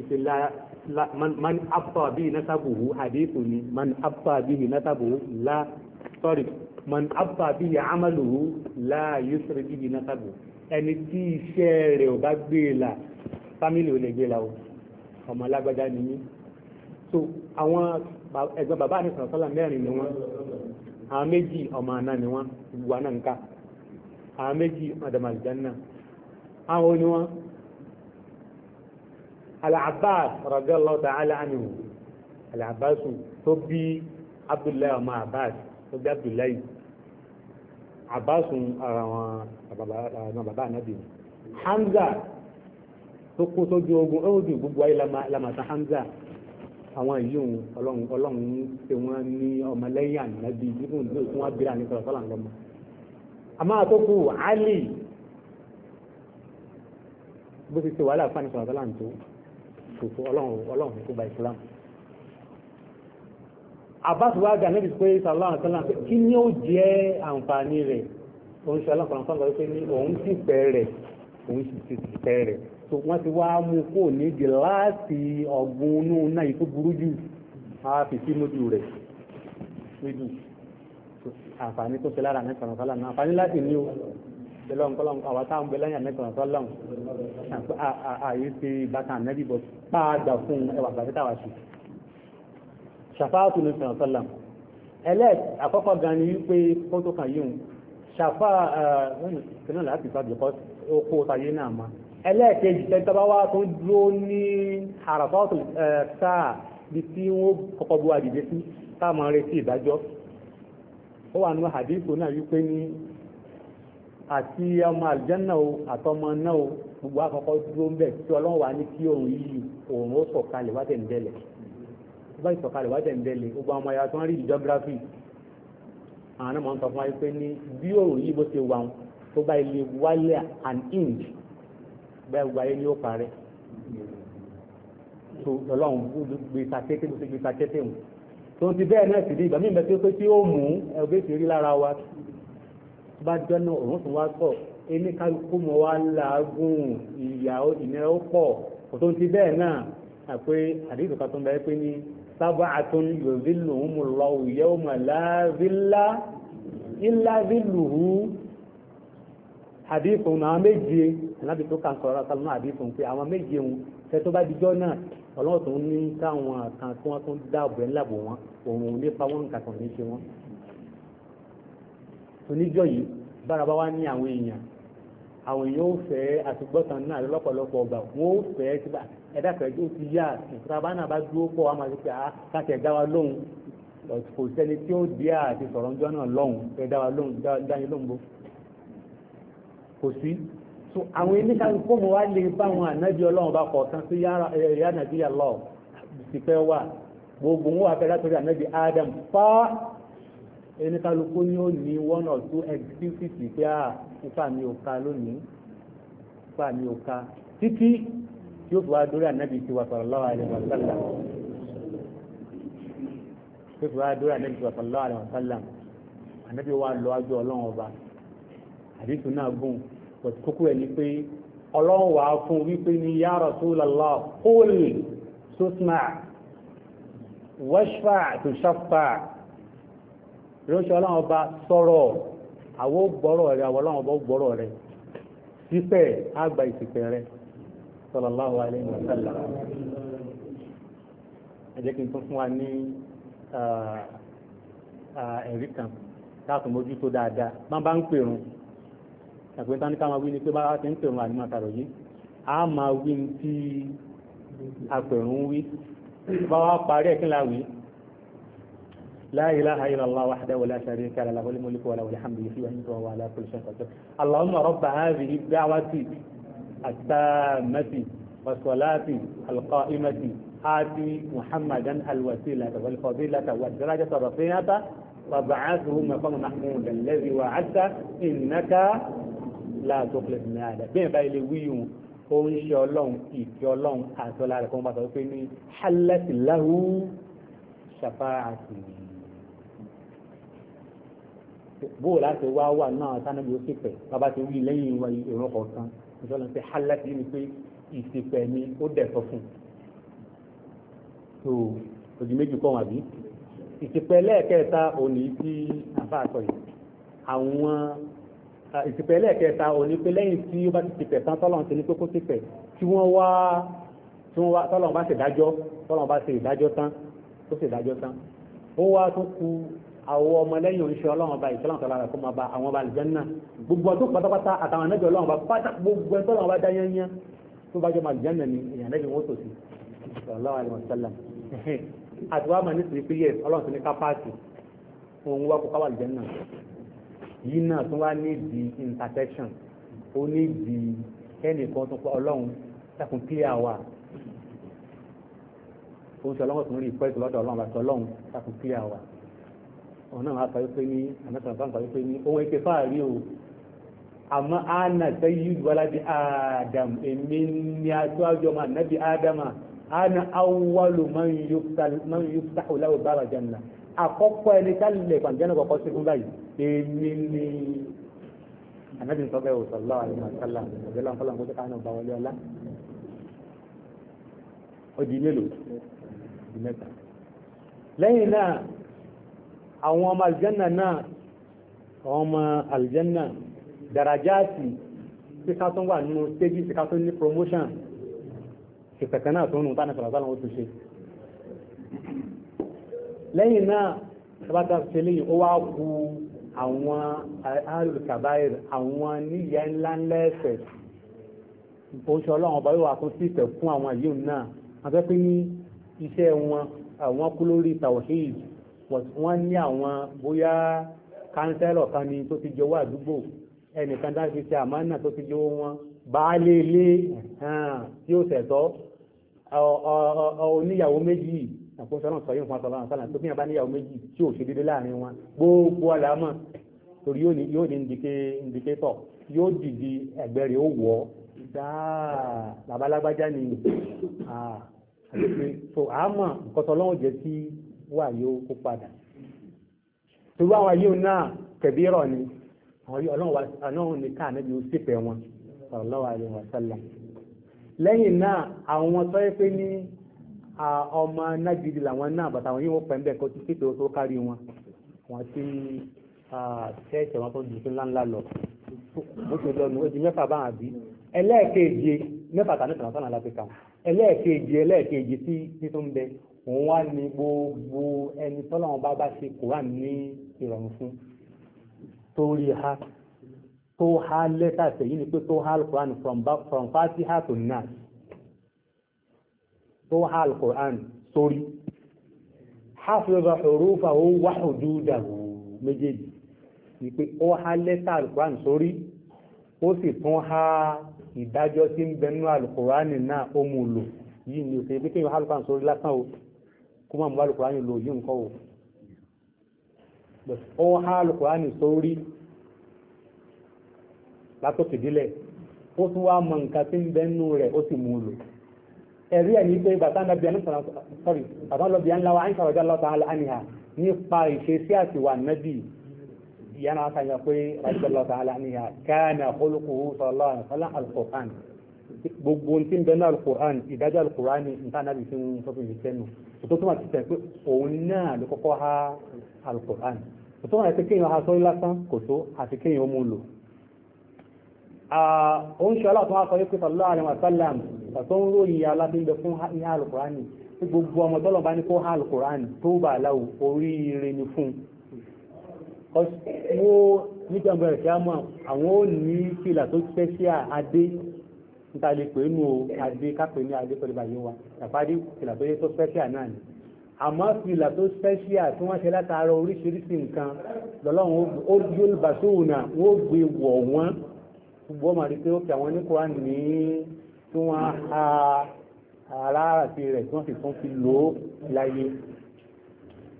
ìsìlá man abba bí nasabuhu hadithu ni man abba bí nasabuhu la sorry man abba bí amaluhu la yusri bí nasabuhu ẹni tí iṣẹ́ rẹ̀ ò bá gbé e là fámìlì ò lè gbé e là o ọmọ alágbájá ni yín so àwọn ẹgbẹ́ bàbá àti sọ̀rọ̀sọ́là mẹ́rin ni wọ́n àwọn méjì ọmọ àná ni wọ́n gbogbo àná nǹkan àwọn méjì àdàmàlìjánà àwọn ni wọ́n al-abbas radiyallahu ta'ala anhu al-abbas tó bí abdullahi ọmọ abbas tó bí abdullahi abbas ara wọn bàbá anabi hamza tó kó sójú ogun ó dì gbogbo ayé lamata hamza àwọn yìí ọlọ́run ṣe wọ́n ní ọmọlẹ́yìn ànábì nígbà tí wọ́n bíra ní sọ̀rọ̀ sọ́là ńlọ́mọ́ àmọ́ àtọ́kù alì bó ti ṣe wàhálà fani sọ̀rọ̀ sọ́lá tó fòfò ọlọ́run tó gba islam àbáṣe wá gà níbi pé sọ̀rọ̀ àwọn sọ́lá kí ni ó jẹ́ àǹfààní rẹ̀ òun ṣe aláǹfààní sọ́lá pé ní òun sì pẹ́ rẹ̀ òun sì ti pẹ́ rẹ̀ tó wọ́n ti wá mú kó nídi láti ọ̀gbun inú náà yìí tó burú jù á fi sí mójú rẹ̀ lójú àǹfààní tó ṣe lára àmẹ́sàn sọ́lá náà àǹfààní láti ní o ìlọ́nkọ́lọ́n àwọn táwọn gbé lẹ́yìn àmẹ́sàn sọ́lá àyè ṣe ìbátan ànẹ́bí bọ́ pààgbà fún ẹwà àgbàfẹ́ táwa ṣe ṣàfáàtù ní sàn sọ́lá ẹlẹ́ àkọ́kọ́ gan ni wípé kó kan kàn yíhun ṣàfá ẹ̀ẹ́nà láti ìfàgbé kọ́ oko tayé náà ma ẹlẹ́ẹ̀kejì tẹ́tọ́bá wá tó dúró ní àràfáàtù sáà bí tí wọ́n kọ́kọ́ bó adìde sí táwọn retí ìdájọ́ ó wà nínú àdínkù náà wípé ní àti ọmọ àlùjànnà o àtọmọ náà o gbogbo àkọ́kọ́ dúró ń bẹ̀ tí ọlọ́run wà ní kí òun yìí òun ó sọ̀kalẹ̀ wá tẹ̀ ń dẹ́lẹ̀ ó bá ìsọ̀kalẹ̀ wá ń dẹ́lẹ̀ gbogbo ọmọ ya tó ń rí geography àwọn náà máa ń sọ fún wa pé ní bí òun yìí bó ṣe wà wọn tó bá ilé wálé an inch bẹ́ẹ̀ gbogbo ayé ni ó parẹ́ tó ọlọ́run gbé sàkété gbé sàkété wọn tó ti bẹ́ẹ̀ náà sì rí ìgbà mí ìgbà tí ó pé tí ó mú ẹgbẹ́ ti rí lára wa bá jẹ́ náà òun tún wá pọ̀ ẹni kálukú mọ́ wá làágùn ìyà ìnira ó pọ̀ kò tó ti bẹ́ẹ̀ náà àpé àdéhùn kan tó ń bẹ̀rẹ̀ pé ní sábà àtún yòzílù ń mú lọ òye ó mọ̀ láàzílá ńlá àdéhùn àwọn méje láti tó sọ̀rọ̀ sálọ́nà àdéhùn pé àwọn méje ń tẹ́ bá dijọ́ náà ọlọ́run tó ń ní káwọn àkàn tí wọ́n tún dáàbò ẹ̀ ńlàbò wọn òun nípa wọn nǹkan kan ní ṣe wọn. oníjọ yìí bára bá wá ní àwọn èèyàn àwọn èèyàn ó fẹ́ àtúgbọ́tàn náà lọ́pọ̀lọpọ̀ ọgbà wọn ó fẹ́ síbà ẹ̀dá pẹ̀lú ó ti yá ìfúrabá náà bá dúró pọ̀ àmọ́ àti pé a ah, káṣẹ̀ dá wa lóhùn kò sẹ́ni tí ó di àti sọ̀rọ̀ ńjọ́ náà lọ́hùn ẹ̀ dá wa lóhùn dá yín lóhùn bó kò sí so àwọn oníkàlù kó mo wá lè bá àwọn ànábì ọlọ́run bá kọ̀ọ̀kan sí yàrá nàbí àlọ́ sì fẹ́ wà gbogbo wọn wà fẹ́ látọ̀rí ànábì Adam fá oníkàlù kó ní ó ní one or two excuses pé à ah, ipa mi ò ka lónìí ipa mi ò ka títí tí ó fi wá dórí ànábì tiwa sallallahu alaihi wasallam tó fi wá dórí ànábì tiwa sallallahu alaihi wasallam ànábì wa lọ ajọ ọlọ́run ọba àdìsùn náà gùn pẹ̀tù kókó ẹ̀ ni pé ọlọ́run wàá fún wípé ní ya Rasulullah qul tusma' washfa' tushaffa' lóṣù ọlọ́run ọba sọ̀rọ̀ àwọn gbọ́rọ̀ rẹ̀ àwọn ọlọ́run ọba gbọ́rọ̀ rẹ̀ sípẹ̀ àgbà ìsìpẹ̀ rẹ̀ sallallahu alaihi wa sallam ẹ kí n tún fún wa ní ah, ah, ẹ̀rí kan láti mójútó dáadáa bá ń pèrún ẹ̀pẹ́ tán ní ká máa wí ni pé bá ti ń pèrún àní máa kàrọ̀ yìí a máa wí ní tí apẹ̀rún wí bá wá parí ẹ̀kí la wí la ilaha illallah wahdahu la sharika lahu lahul mulku wa lahul hamdu wa yumiitu wa huwa ala kulli shay'in láàtọ́ pẹ̀lú ìsinmi àdá bí ìbá ilé wíyùn ó ń ṣe ọlọ́run ìfẹ́ ọlọ́run àti ọlá rẹ̀ kọ́ bá sọ pé ní hálẹ́sì láhù ṣàfáàtì bó láti wá wà náà sánàbí ó sípẹ̀ bàbá ti wí lẹ́yìn ìrun kọ̀ọ̀kan ìṣọ́nà pé hálẹ́sì ni pé ìsìpẹ̀ ni ó dẹ̀ sọ fún so òjì méjì kọ́ wọn àbí ìsìpẹ̀ lẹ́ẹ̀kẹta òní tí àbá àtọ̀ yìí àwọn Ah, ìsìpẹ̀ ẹlẹ́ẹ̀kẹta òní pé lẹ́yìn tí ó bá ti tìpẹ̀ tán tọ́lọ̀ ti ní pé kó tìpẹ̀ tí wọ́n wá tí wọ́n wá tọ́lọ̀ bá ṣe ìdájọ́ tọ́lọ̀ bá ṣe ìdájọ́ tán tó ṣe ìdájọ́ tán ó wá tó ku àwọn ọmọlẹ́yìn oníṣẹ́ ọlọ́run ọba ìṣọ́lọ́run tọ́lá rẹ̀ kó máa ba àwọn ọba àlùjànnà gbogbo ọdún pátápátá àtàwọn ẹ̀nẹ́jọ ọlọ́run ọba pátá gbogbo ẹ̀ tọ́lọ́run ọba dá yányá tó bá jọ máa àlùjànnà ni èèyàn lẹ́yìn wọn tòsí sallallahu alaihi wasallam àti wàá máa ní sèé pé yẹ ọlọ́run ti ní ká páàkì òun wá kó káwà àlùjànnà yìí náà tó wá ní di intersection ó ní di ẹnìkan tó pa ọlọ́run sẹ́kùn clear wa ó ń sọ ọlọ́run tó ń rí ìpẹ́ẹ́sì lọ́dọ̀ ọlọ́run àti ọlọ́run sẹ́kùn clear wa òun náà máa sọ pé ní àmẹ́sàn bá ń sọ pé ní ohun èké fáàrí o àmọ́ àna sẹ́yìn wọlá di Adam èmi ni aṣáájú ọmọ ànábì Ádámà àna awwalu man yuftahu lahu baba janna àkọ́kọ́ ẹni tálẹ̀ pàǹjẹ́nà kọ̀ọ̀kọ́ sí fún báyìí èmi ni ànábì ń sọ́bẹ̀ òsọ̀lá àlùmọ̀sálà ọ̀gbẹ́lá ńkọ́lá ńkọ́jọ́ káwọn ọba wọlé ọlá ó di mélòó di mẹ́ta lẹ́yìn náà àwọn ọmọ àlùjẹ́nà náà àwọn ọmọ àlùjẹ́nà dàrájáàtì síká tó wà nínú stéjì síká tó ní promotion ìpẹ̀kẹ́ náà tó nù tánà sọ̀rọ̀ sálà ó ṣe lẹ́yìn náà sábàtà sílẹ̀ ó wá kú àwọn alùkàbáyìr àwọn níyà ńlá ńlá ẹ̀ṣẹ̀ oṣù ọlọ́run ọba yóò wà fún sífẹ̀ fún àwọn yìí náà wọ́n fẹ́ pé ní iṣẹ́ wọn àwọn kú lórí tawhid wọ́n ní àwọn bóyá kánsẹ́lọ̀ kan ni tó ti jọwọ́ àdúgbò ẹnìkan dáṣe ṣe àmánà tó ti jọwọ́ wọn baálé ilé tí ó ṣẹ̀tọ́ oníyàwó méjì àpòsọ́nà sọ yìí fún asọ́lá àṣálà tó fihàn bá níyàwó méjì tí ò ṣe dédé láàrin wọn gbogbo àlámọ̀ torí yóò ní indikétọ̀ yóò dìdí ẹgbẹ́ rẹ̀ ó wọ̀ ọ́ dáa labalágbájá ni so àmọ́ nǹkan lọ́wọ́ jẹ́ tí wà yóò kó padà torí àwọn yóò náà kẹ̀bírọ̀ ni ọlọ́run ní káà níbi ó sípẹ̀ wọn sallallahu alaihi wasallam lẹ́yìn náà àwọn tó yẹ pé ní ọmọ nágídí làwọn náà bàtà wọn yíwọ́ pẹ̀mbẹ̀ kó ti kéde oṣù kárí wọn wọn ti ṣẹ́ẹ̀ṣì wọn tó dùn sí ńláńlá lọ ó ti lọ́nu ó di mẹ́fà bá àbí ẹlẹ́ẹ̀keje mẹ́fà tà ní tànàtàn aláfíkà ẹlẹ́ẹ̀keje ẹlẹ́ẹ̀keje tí títún bẹ òun wá ní gbogbo ẹni tọ́lọ́wọ́n bá bá ṣe Kùrán ní ìrọ̀rùn fún torí ha tó há lẹ́tà sẹ́yìn ni pé tó há Kùrán from Fatiha to Nas tó há alukur'an sórí hafiza hurufahu wa hududahu méjèèjì wípé ó há lẹ́tà alukur'an sórí ó sì tún há ìdájọ́ tí ń bẹnu alukur'an náà ó mú lò yìí ni òfin pé kéèyàn há alukur'an sórí lásán o kó má mú alukur'an lò yìí nǹkan o ó há alukur'an sórí látòkèdílẹ̀ ó tún wá mọ nǹkan tí ń bẹnu rẹ̀ ó sì mú lò ẹ̀rí ẹ̀ ní pé bàtà lọ́bí ẹni sọ̀rọ̀ sọ́rí bàtà lọ́bí ẹni láwa àìsàn ọjọ́ lọ́ta aláàníhà nípa ìṣesí àti wà nẹ́bì ìyá náà sàyà pé ọjọ́ lọ́ta aláàníhà káàní àkólókò sọ̀rọ̀ àlùfọ́lá alukọ̀án gbogbo ohun tí ń bẹ náà alukọ̀án ìdájọ́ alukọ̀án ni nǹkan náà fi ń sọ fún mi sẹ́nu tó túmọ̀ sí pé òun náà ló kọ́kọ́ ha alukọ̀án tó tó ń ròyìn alábíńbẹ fún ní alukurani gbogbo ọmọ tọ́lọ̀ bá ní kó alukurani tó bá aláwò oríire ni fún wo nígbà bẹ̀rẹ̀ sí àmọ́ àwọn ò ní fìlà tó spẹ́ṣíà adé níta lè pè é nù adé kápẹ́ ní adé pẹ̀lú bàyẹ̀ wa tàbí fìlà tó yẹ tó spẹ́ṣíà náà ni àmọ́ fìlà tó spẹ́ṣíà tí wọ́n ṣe látara oríṣiríṣi nǹkan lọ́lọ́run ó yóò bàṣóhùn náà wọ́n gbé wọ̀ wọ́n gbogbo ọmọ rí pé àwọn oníkùrá ní tí wọ́n ha ara àti rẹ̀ tí wọ́n sì tún fi lò ó láyé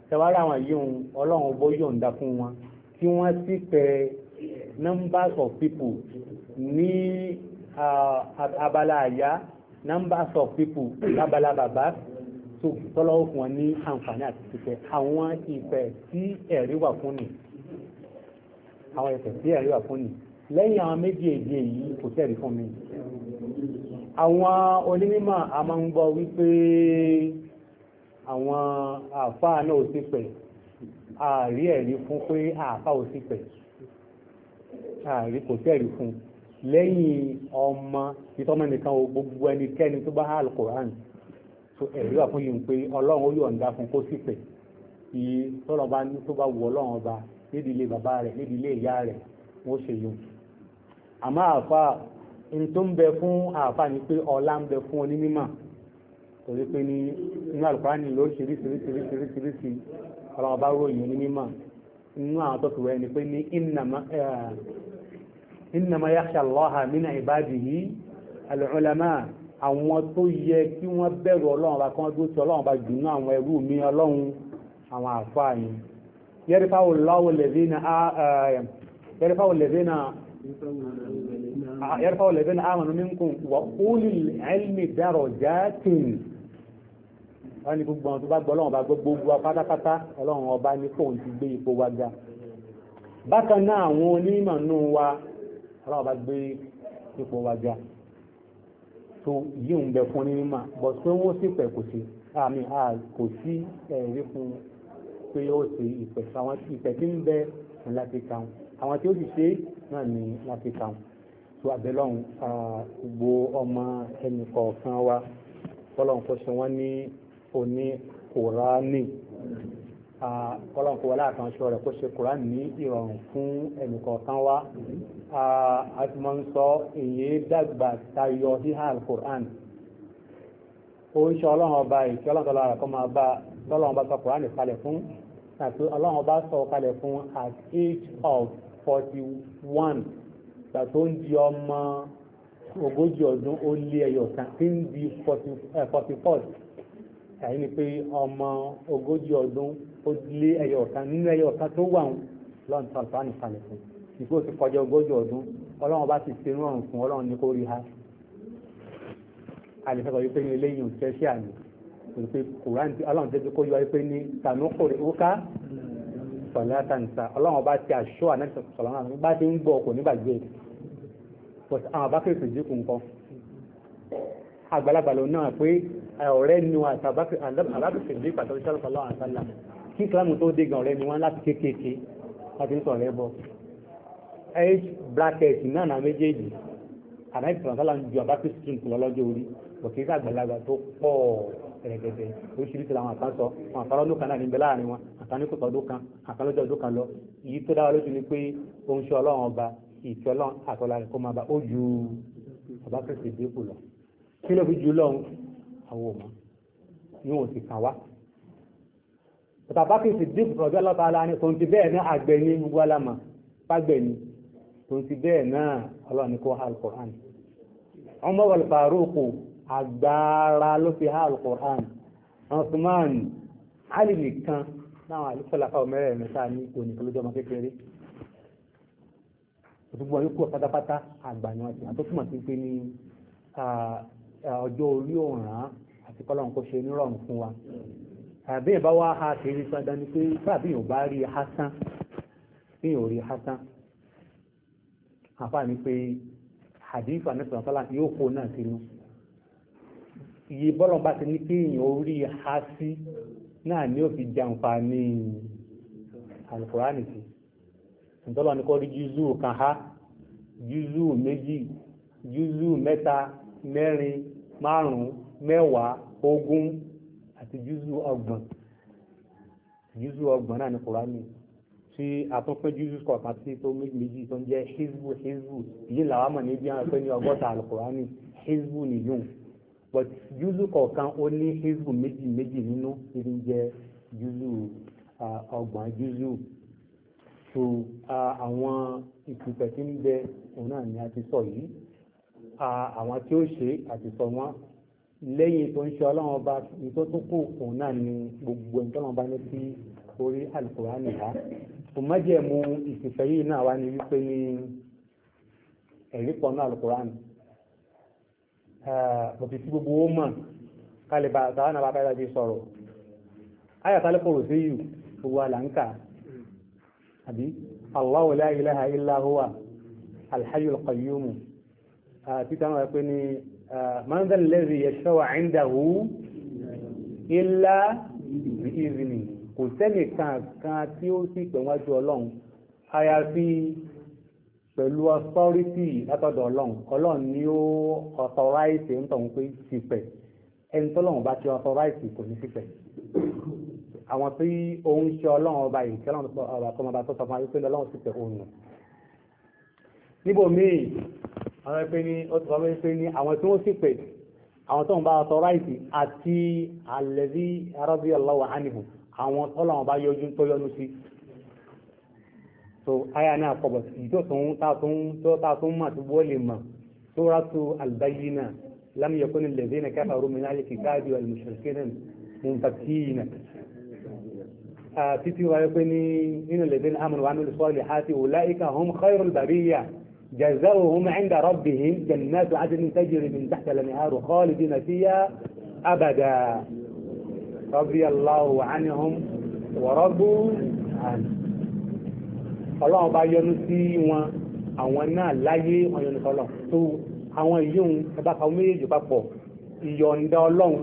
tẹwàrà àwọn yìí ohun ọlọ́run bó yọ̀ǹda fún wọn tí wọ́n sì pẹ numbers of people ní abala àyá numbers of people lábala bàbá tó tọ́lọ́wọ́ fún wọn ní àǹfààní àti ìfẹ́ àwọn ìfẹ́ tí ẹ̀rí wà fún ni àwọn ìfẹ́ tí ẹ̀rí wà fún ni lẹ́yìn àwọn méjèèjì èyí kò sẹ́rí fún mi àwọn onímọ̀ a máa ń gbọ́ wípé àwọn àfáà náà ò sí pẹ̀ ààrí ẹ̀rí fún pé àfáà ò sí pẹ̀ ààrí kò tẹ́rí fún lẹ́yìn ọmọ ìtọ́mọ nìkan gbogbo ẹnikẹ́ni tó bá há alukoran tó ẹ̀rí wà fún yìí pé ọlọ́run ó yọ̀ǹda fún kó sí pẹ̀ iye tọ́lọ̀ bá ní tó bá wù ọlọ́run ọba nídìílé bàbá rẹ̀ nídìílé ìyá rẹ̀ wọ́n ṣe yòó àmọ́ àfáà ntó ń bẹ fún àǹfààní pé ọlá ń bẹ fún onímọ̀ torí pé ní inú àlùkùránì ló ṣiríṣiríṣiríṣiríṣi ọlọ́run bá ròyìn onímọ̀ inú àwọn tó fi wẹ́ ni pé ní innama yakhsha Allaha min ibadihi al-ulama àwọn tó yẹ kí wọ́n bẹ̀rù ọlọ́run bá kí wọ́n dúró ti ọlọ́run bá jù náà àwọn ẹrú mi ọlọ́run àwọn àfáà yìí yẹ́rìfáwò lọ́wọ́ lẹ́dínà يرفع الذين آمنوا منكم وأولي العلم درجات wọ́n ní gbogbo ọ̀n tó bá gbọ́ ọlọ́run bá gbogbo wa pátápátá ọlọ́run ọba ní kóun ti gbé ipò wa ga bákan náà àwọn onímọ̀ nù wa ọlọ́run bá gbé ipò wa ga tó yíò ń bẹ fún onímọ̀ bọ̀ tó ń wó pẹ̀ kò sí àmì kò sí ẹ̀rí fún pé ó ṣe ìpẹ̀ tí ń bẹ láti kàún àwọn tí ó sì ṣe náà ní láti kàún tó abẹ́lọ́hún gbogbo ọmọ ẹnì kọ̀ọ̀kan wa fọlọ́n kó ṣe wọ́n ní oní kùránì fọlọ́n kó wọlé àkànṣe rẹ̀ kó ṣe kùránì ní ìrọ̀rùn fún ẹnì kọ̀ọ̀kan wa a ti máa ń sọ èyí dàgbà tayọ híhà alukur'an ó ń ṣe ọlọ́run ọba ìṣẹ́ ọlọ́run tọ́lá rẹ̀ kọ́ máa bá tọ́lọ́run bá sọ kùránì kalẹ̀ fún àti ọlọ́run bá sọ kalẹ̀ fún at age of forty one ìgbà tó ń di ọmọ ogójì ọdún ó lé ẹyọ tí ń di forty eh, four ẹ̀yí ni pé ọmọ ogójì ọdún ó lé ẹyọ kan nínú ẹyọ kan tó wà lọ́nà tó àlùfáà nìkanlẹ̀ fún ìgbó ti kọjá ogójì ọdún ọlọ́run bá ti ṣe rọrùn fún ọlọ́run ní kó rí ha àlefẹ́kọ̀ọ́ yìí pé ní eléyìí ò fẹ́ sí àmì kò pé kùrán tí ọlọ́run tẹ́tí kó yọ wáyé pé ní tànúkùrẹ́ òkà sọ̀lá tàǹtà ọlọ́run bá ti àṣọ àná but àwọn ah, àbákẹ́ ìsìndíkù nǹkan àgbàlagbà ló náà pé ọ̀rẹ́ nu àtàbákẹ́ ìsìndíkù àtàbí sálọ́pàá àtàlà kí ìsìlámù tó dé gan ọ̀rẹ́ ni wọ́n láti kéékèèké láti ń sọ̀rẹ́ bọ̀ age bracket náà náà méjèèjì àdáyé sàlọ́pàá ń ju àbákẹ́ ìsìndíkù lọ́jọ́ orí bọ̀ kì í sàgbàlagbà tó pọ̀ ẹ̀rẹ̀gẹ̀dẹ̀ oríṣiríṣi làwọn àkànṣọ àwọn àkàrọ̀ ọdún kan náà níbẹ̀ láàrin wọn àkànníkòtò ọdún kan àkànlọ́jọ́ ọdún kan lọ èyí tó dára lójú ni pé ó ọlọ́run ọba ìfẹ́ ọlọ́run àtọ́lá rẹ̀ kó máa bá ó ju Abubakar Siddiq lọ kí ló fi ju lọ́run àwọn ọmọ níwọ̀n sì kàn wá Abubakar Siddiq rọ̀jọ́ lọ́ta ara ni tòun ti bẹ́ẹ̀ náà àgbẹ̀ ní gbogbo alámà fágbẹ̀ ni tòun ti bẹ́ẹ̀ náà ọlọ́run ni kó ha alukur'an ọmọ wọlé faruku agbára ló fi ha alukur'an Usman Ali nìkan náà àlùfọ́lá fáwọn mẹ́rẹ̀ẹ̀rin sáà ní òní kọlójọ́ ọmọ kékeré gbogbo àyókù pátápátá àgbà ni wọ́n ti àtó túmọ̀ sí pé ní ọjọ́ orí òòràn àti kọ́lọ́n kó ṣe nírọ̀rùn fún wa àbí ìbá wa ha kiri sandan ni pé tàbí yóò bá rí hasan bí yóò rí hasan àfáà ni pé hadith anẹ́sọ̀rọ̀ sọ́lá yóò kó náà sínú iye bọ́lọ̀ bá ti ní kí orí ha sí náà ni ó fi jàǹfà ní alukùránì sí ntọ́lọ́ ní kọ́ rí júzù kan há júzù méjì júzù mẹ́ta mẹ́rin márùn-ún mẹ́wàá ogún àti júzù ọgbọ̀n júzù ọgbọ̀n náà ní kùránì tí àtúnpín júzù kọ̀ọ̀kan sí tó méjì tó ń jẹ́ hizbu hizbu yìí làwọn mọ̀ níbi àwọn pé ní ọgọ́ta àlùkùránì hizbu nìyún but júzù kọ̀ọ̀kan ó ní hizbu méjì méjì nínú ibi ń jẹ́ júzù ọgbọ̀n júzù so àwọn ìpìpẹ̀ tí ń bẹ òun náà ni a ti sọ yìí àwọn tí ó ṣe àti sọ wọn lẹ́yìn tó ń ṣe ọlọ́run ọba ní tó tún kù òun náà ni gbogbo ẹni tọ́lọ́run ọba ní sí orí Al-Kùránì nìyá kò má jẹ́ mu ìpìpẹ̀ yìí náà wá ní wípé ní ẹ̀rí pọ̀ náà Al-Kùránì bọ̀tí tí gbogbo ó mọ̀ kálíbà bá bá yára bí sọ̀rọ̀ ayàtálẹ́kọ̀ọ́ rò sí yìí gbogbo àlàǹkà àbí Allahu la ilaha illa huwa al-hayyul qayyum títà náà pé ní man dhal ladhi yashfa'u 'indahu illa bi idhnihi kò sẹ́nì kankan tí ó sì pẹ̀wájú ọlọ́run àyàfi pẹ̀lú authority látọ̀dọ̀ ọlọ́run ọlọ́run ni ó authorize ń tọ̀hún pé sípẹ̀ ẹni tọ́lọ́run bá ti authorize kò ní sípẹ̀ àwọn tí òun ṣe ọlọ́run ọba ìkẹ́ ọlọ́run ọba tó máa tó sọ fún wa wípé ọlọ́run sì tẹ̀ òun nù. níbo míì àwọn ẹgbẹ́ ní ó ti sọ tí wọ́n sì pè àwọn tó ń bá sọ ráìtì àti alẹ́bí arábí ọlọ́wà ánìbù àwọn tọ́lọ́run ọba yọjú tó yọnu sí. so aya ní àkọ́bọ̀ ìjọ tó ń ta tó ń mọ̀ tó wọ́n lè mọ̀ suratu albayina lam yakun alladhina kafaru min ahli kitabi wal títí wáyé pé ní nínú lẹ́dín amúnú wa nílùú sọ́ọ̀lì àti ulaika hum khairul bariyya jazaohum 'inda rabbihim jannatu 'adnin tajri min tahtiha al-anharu khalidina fiha abada radiyallahu anhum wa radu anhum ọlọ́run bá yọ́nú sí wọn àwọn náà láyé ọ̀yọ́nù sọ́lọ̀ tó àwọn ìyóhun ẹ̀bá kan méjèèjì papọ̀ ìyọ̀ǹda ọlọ́run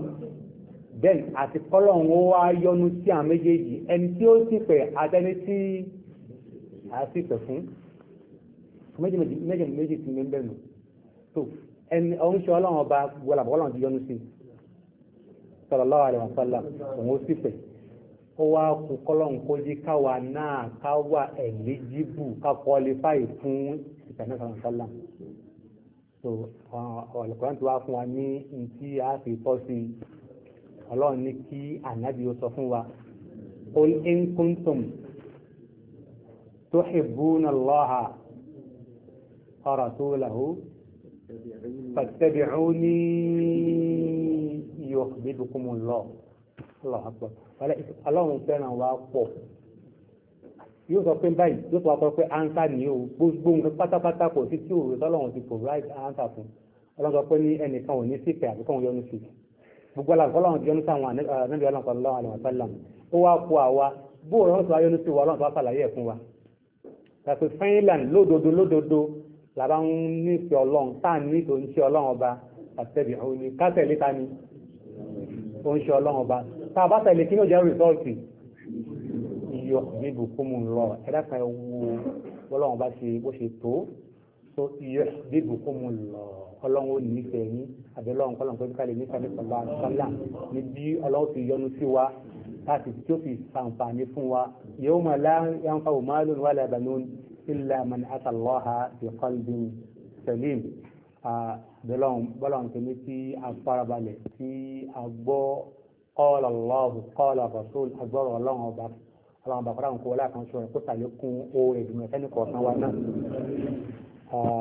then àti kọ́lọ̀hún ó wá yọnu sí àwọn méjèèjì ẹni tí ó sì pẹ̀ àtẹni tí a sì pẹ̀ fún méjì méjì tí ń bẹ̀rù tó ẹni ọ̀hún ṣe ọlọ́run ọba wọlà bọ́lọ́run ti yọnu sí sallallahu alaihi wasallam òun ó sì pẹ̀ ó wá kú kọ́lọ̀hún kó jí káwa náà káwa eligible ká qualify fún ìtẹ̀nẹ́sàn sálà so ọ̀lùkọ́ńtì wá fún wa ní ní tí a fi tọ́ sí i ọlọ́run ní kí ànábì ó sọ fún wa qul in kuntum tuhibbuna Allaha wa rasulahu fattabi'uni yuhbibkumullah Allahu akbar ọlọ́run fẹ́ràn wa pọ̀ yóò sọ pé báyìí yóò sọ pé pé ansa ni o gbogbo nǹkan pátápátá kò sí tí òwe tọ́lọ́run ti provide ansa fún ọlọ́run sọ pé ní ẹnìkan ò ní sífẹ̀ẹ́ àbíkan ò yọnu sífẹ̀ẹ́ gbogbo aláǹkọ́láwọn ti yọ́nú sáwọn anábì aláǹkọ́láwọn alẹ́wàsálàm ó wá kó àwa bó ọ̀rọ̀ tó ayọ́nú sí wa ọlọ́run tó sàlàyé ẹ̀ fún wa pẹ̀pẹ̀ finland lódodo lódodo làbá ń nífẹ̀ẹ́ ọlọ́run táà ní tó ń ṣe ọlọ́run ọba àtẹ̀bí òun ni kátẹ̀lé ta ni tó ń ṣe ọlọ́run ọba tá a bá tẹ̀lé kí ló jẹ́ rìsọ́ọ̀tì iyọ̀ níbùkún mu lọ ẹ̀dá kan ẹ̀ wo ọlọ́run ọba ṣe bó ṣe tó so iye bíbù kó mu lọ ọlọ́run ó nífẹ̀ẹ́ yín àbí ọlọ́run kọ́lọ́n pé kálí nípa nípa bá sọ́là ní bí ọlọ́run ti yọ́nú sí wa láti tí ó fi sàǹfààní fún wa yóò máa láyàn fáwọn máàlùn wà lábàánú illa man atallaha bi qalbin salim bẹ́lọ́n bọ́lọ́n tó ní tí a farabalẹ̀ tí a gbọ́ rasul agbọ́rọ̀ ọlọ́run ọba ọlọ́run bàbá kọ́ra ń kó kó sàlékún oore ìdùnnú ẹ̀fẹ́ nìkan wa náà. uh,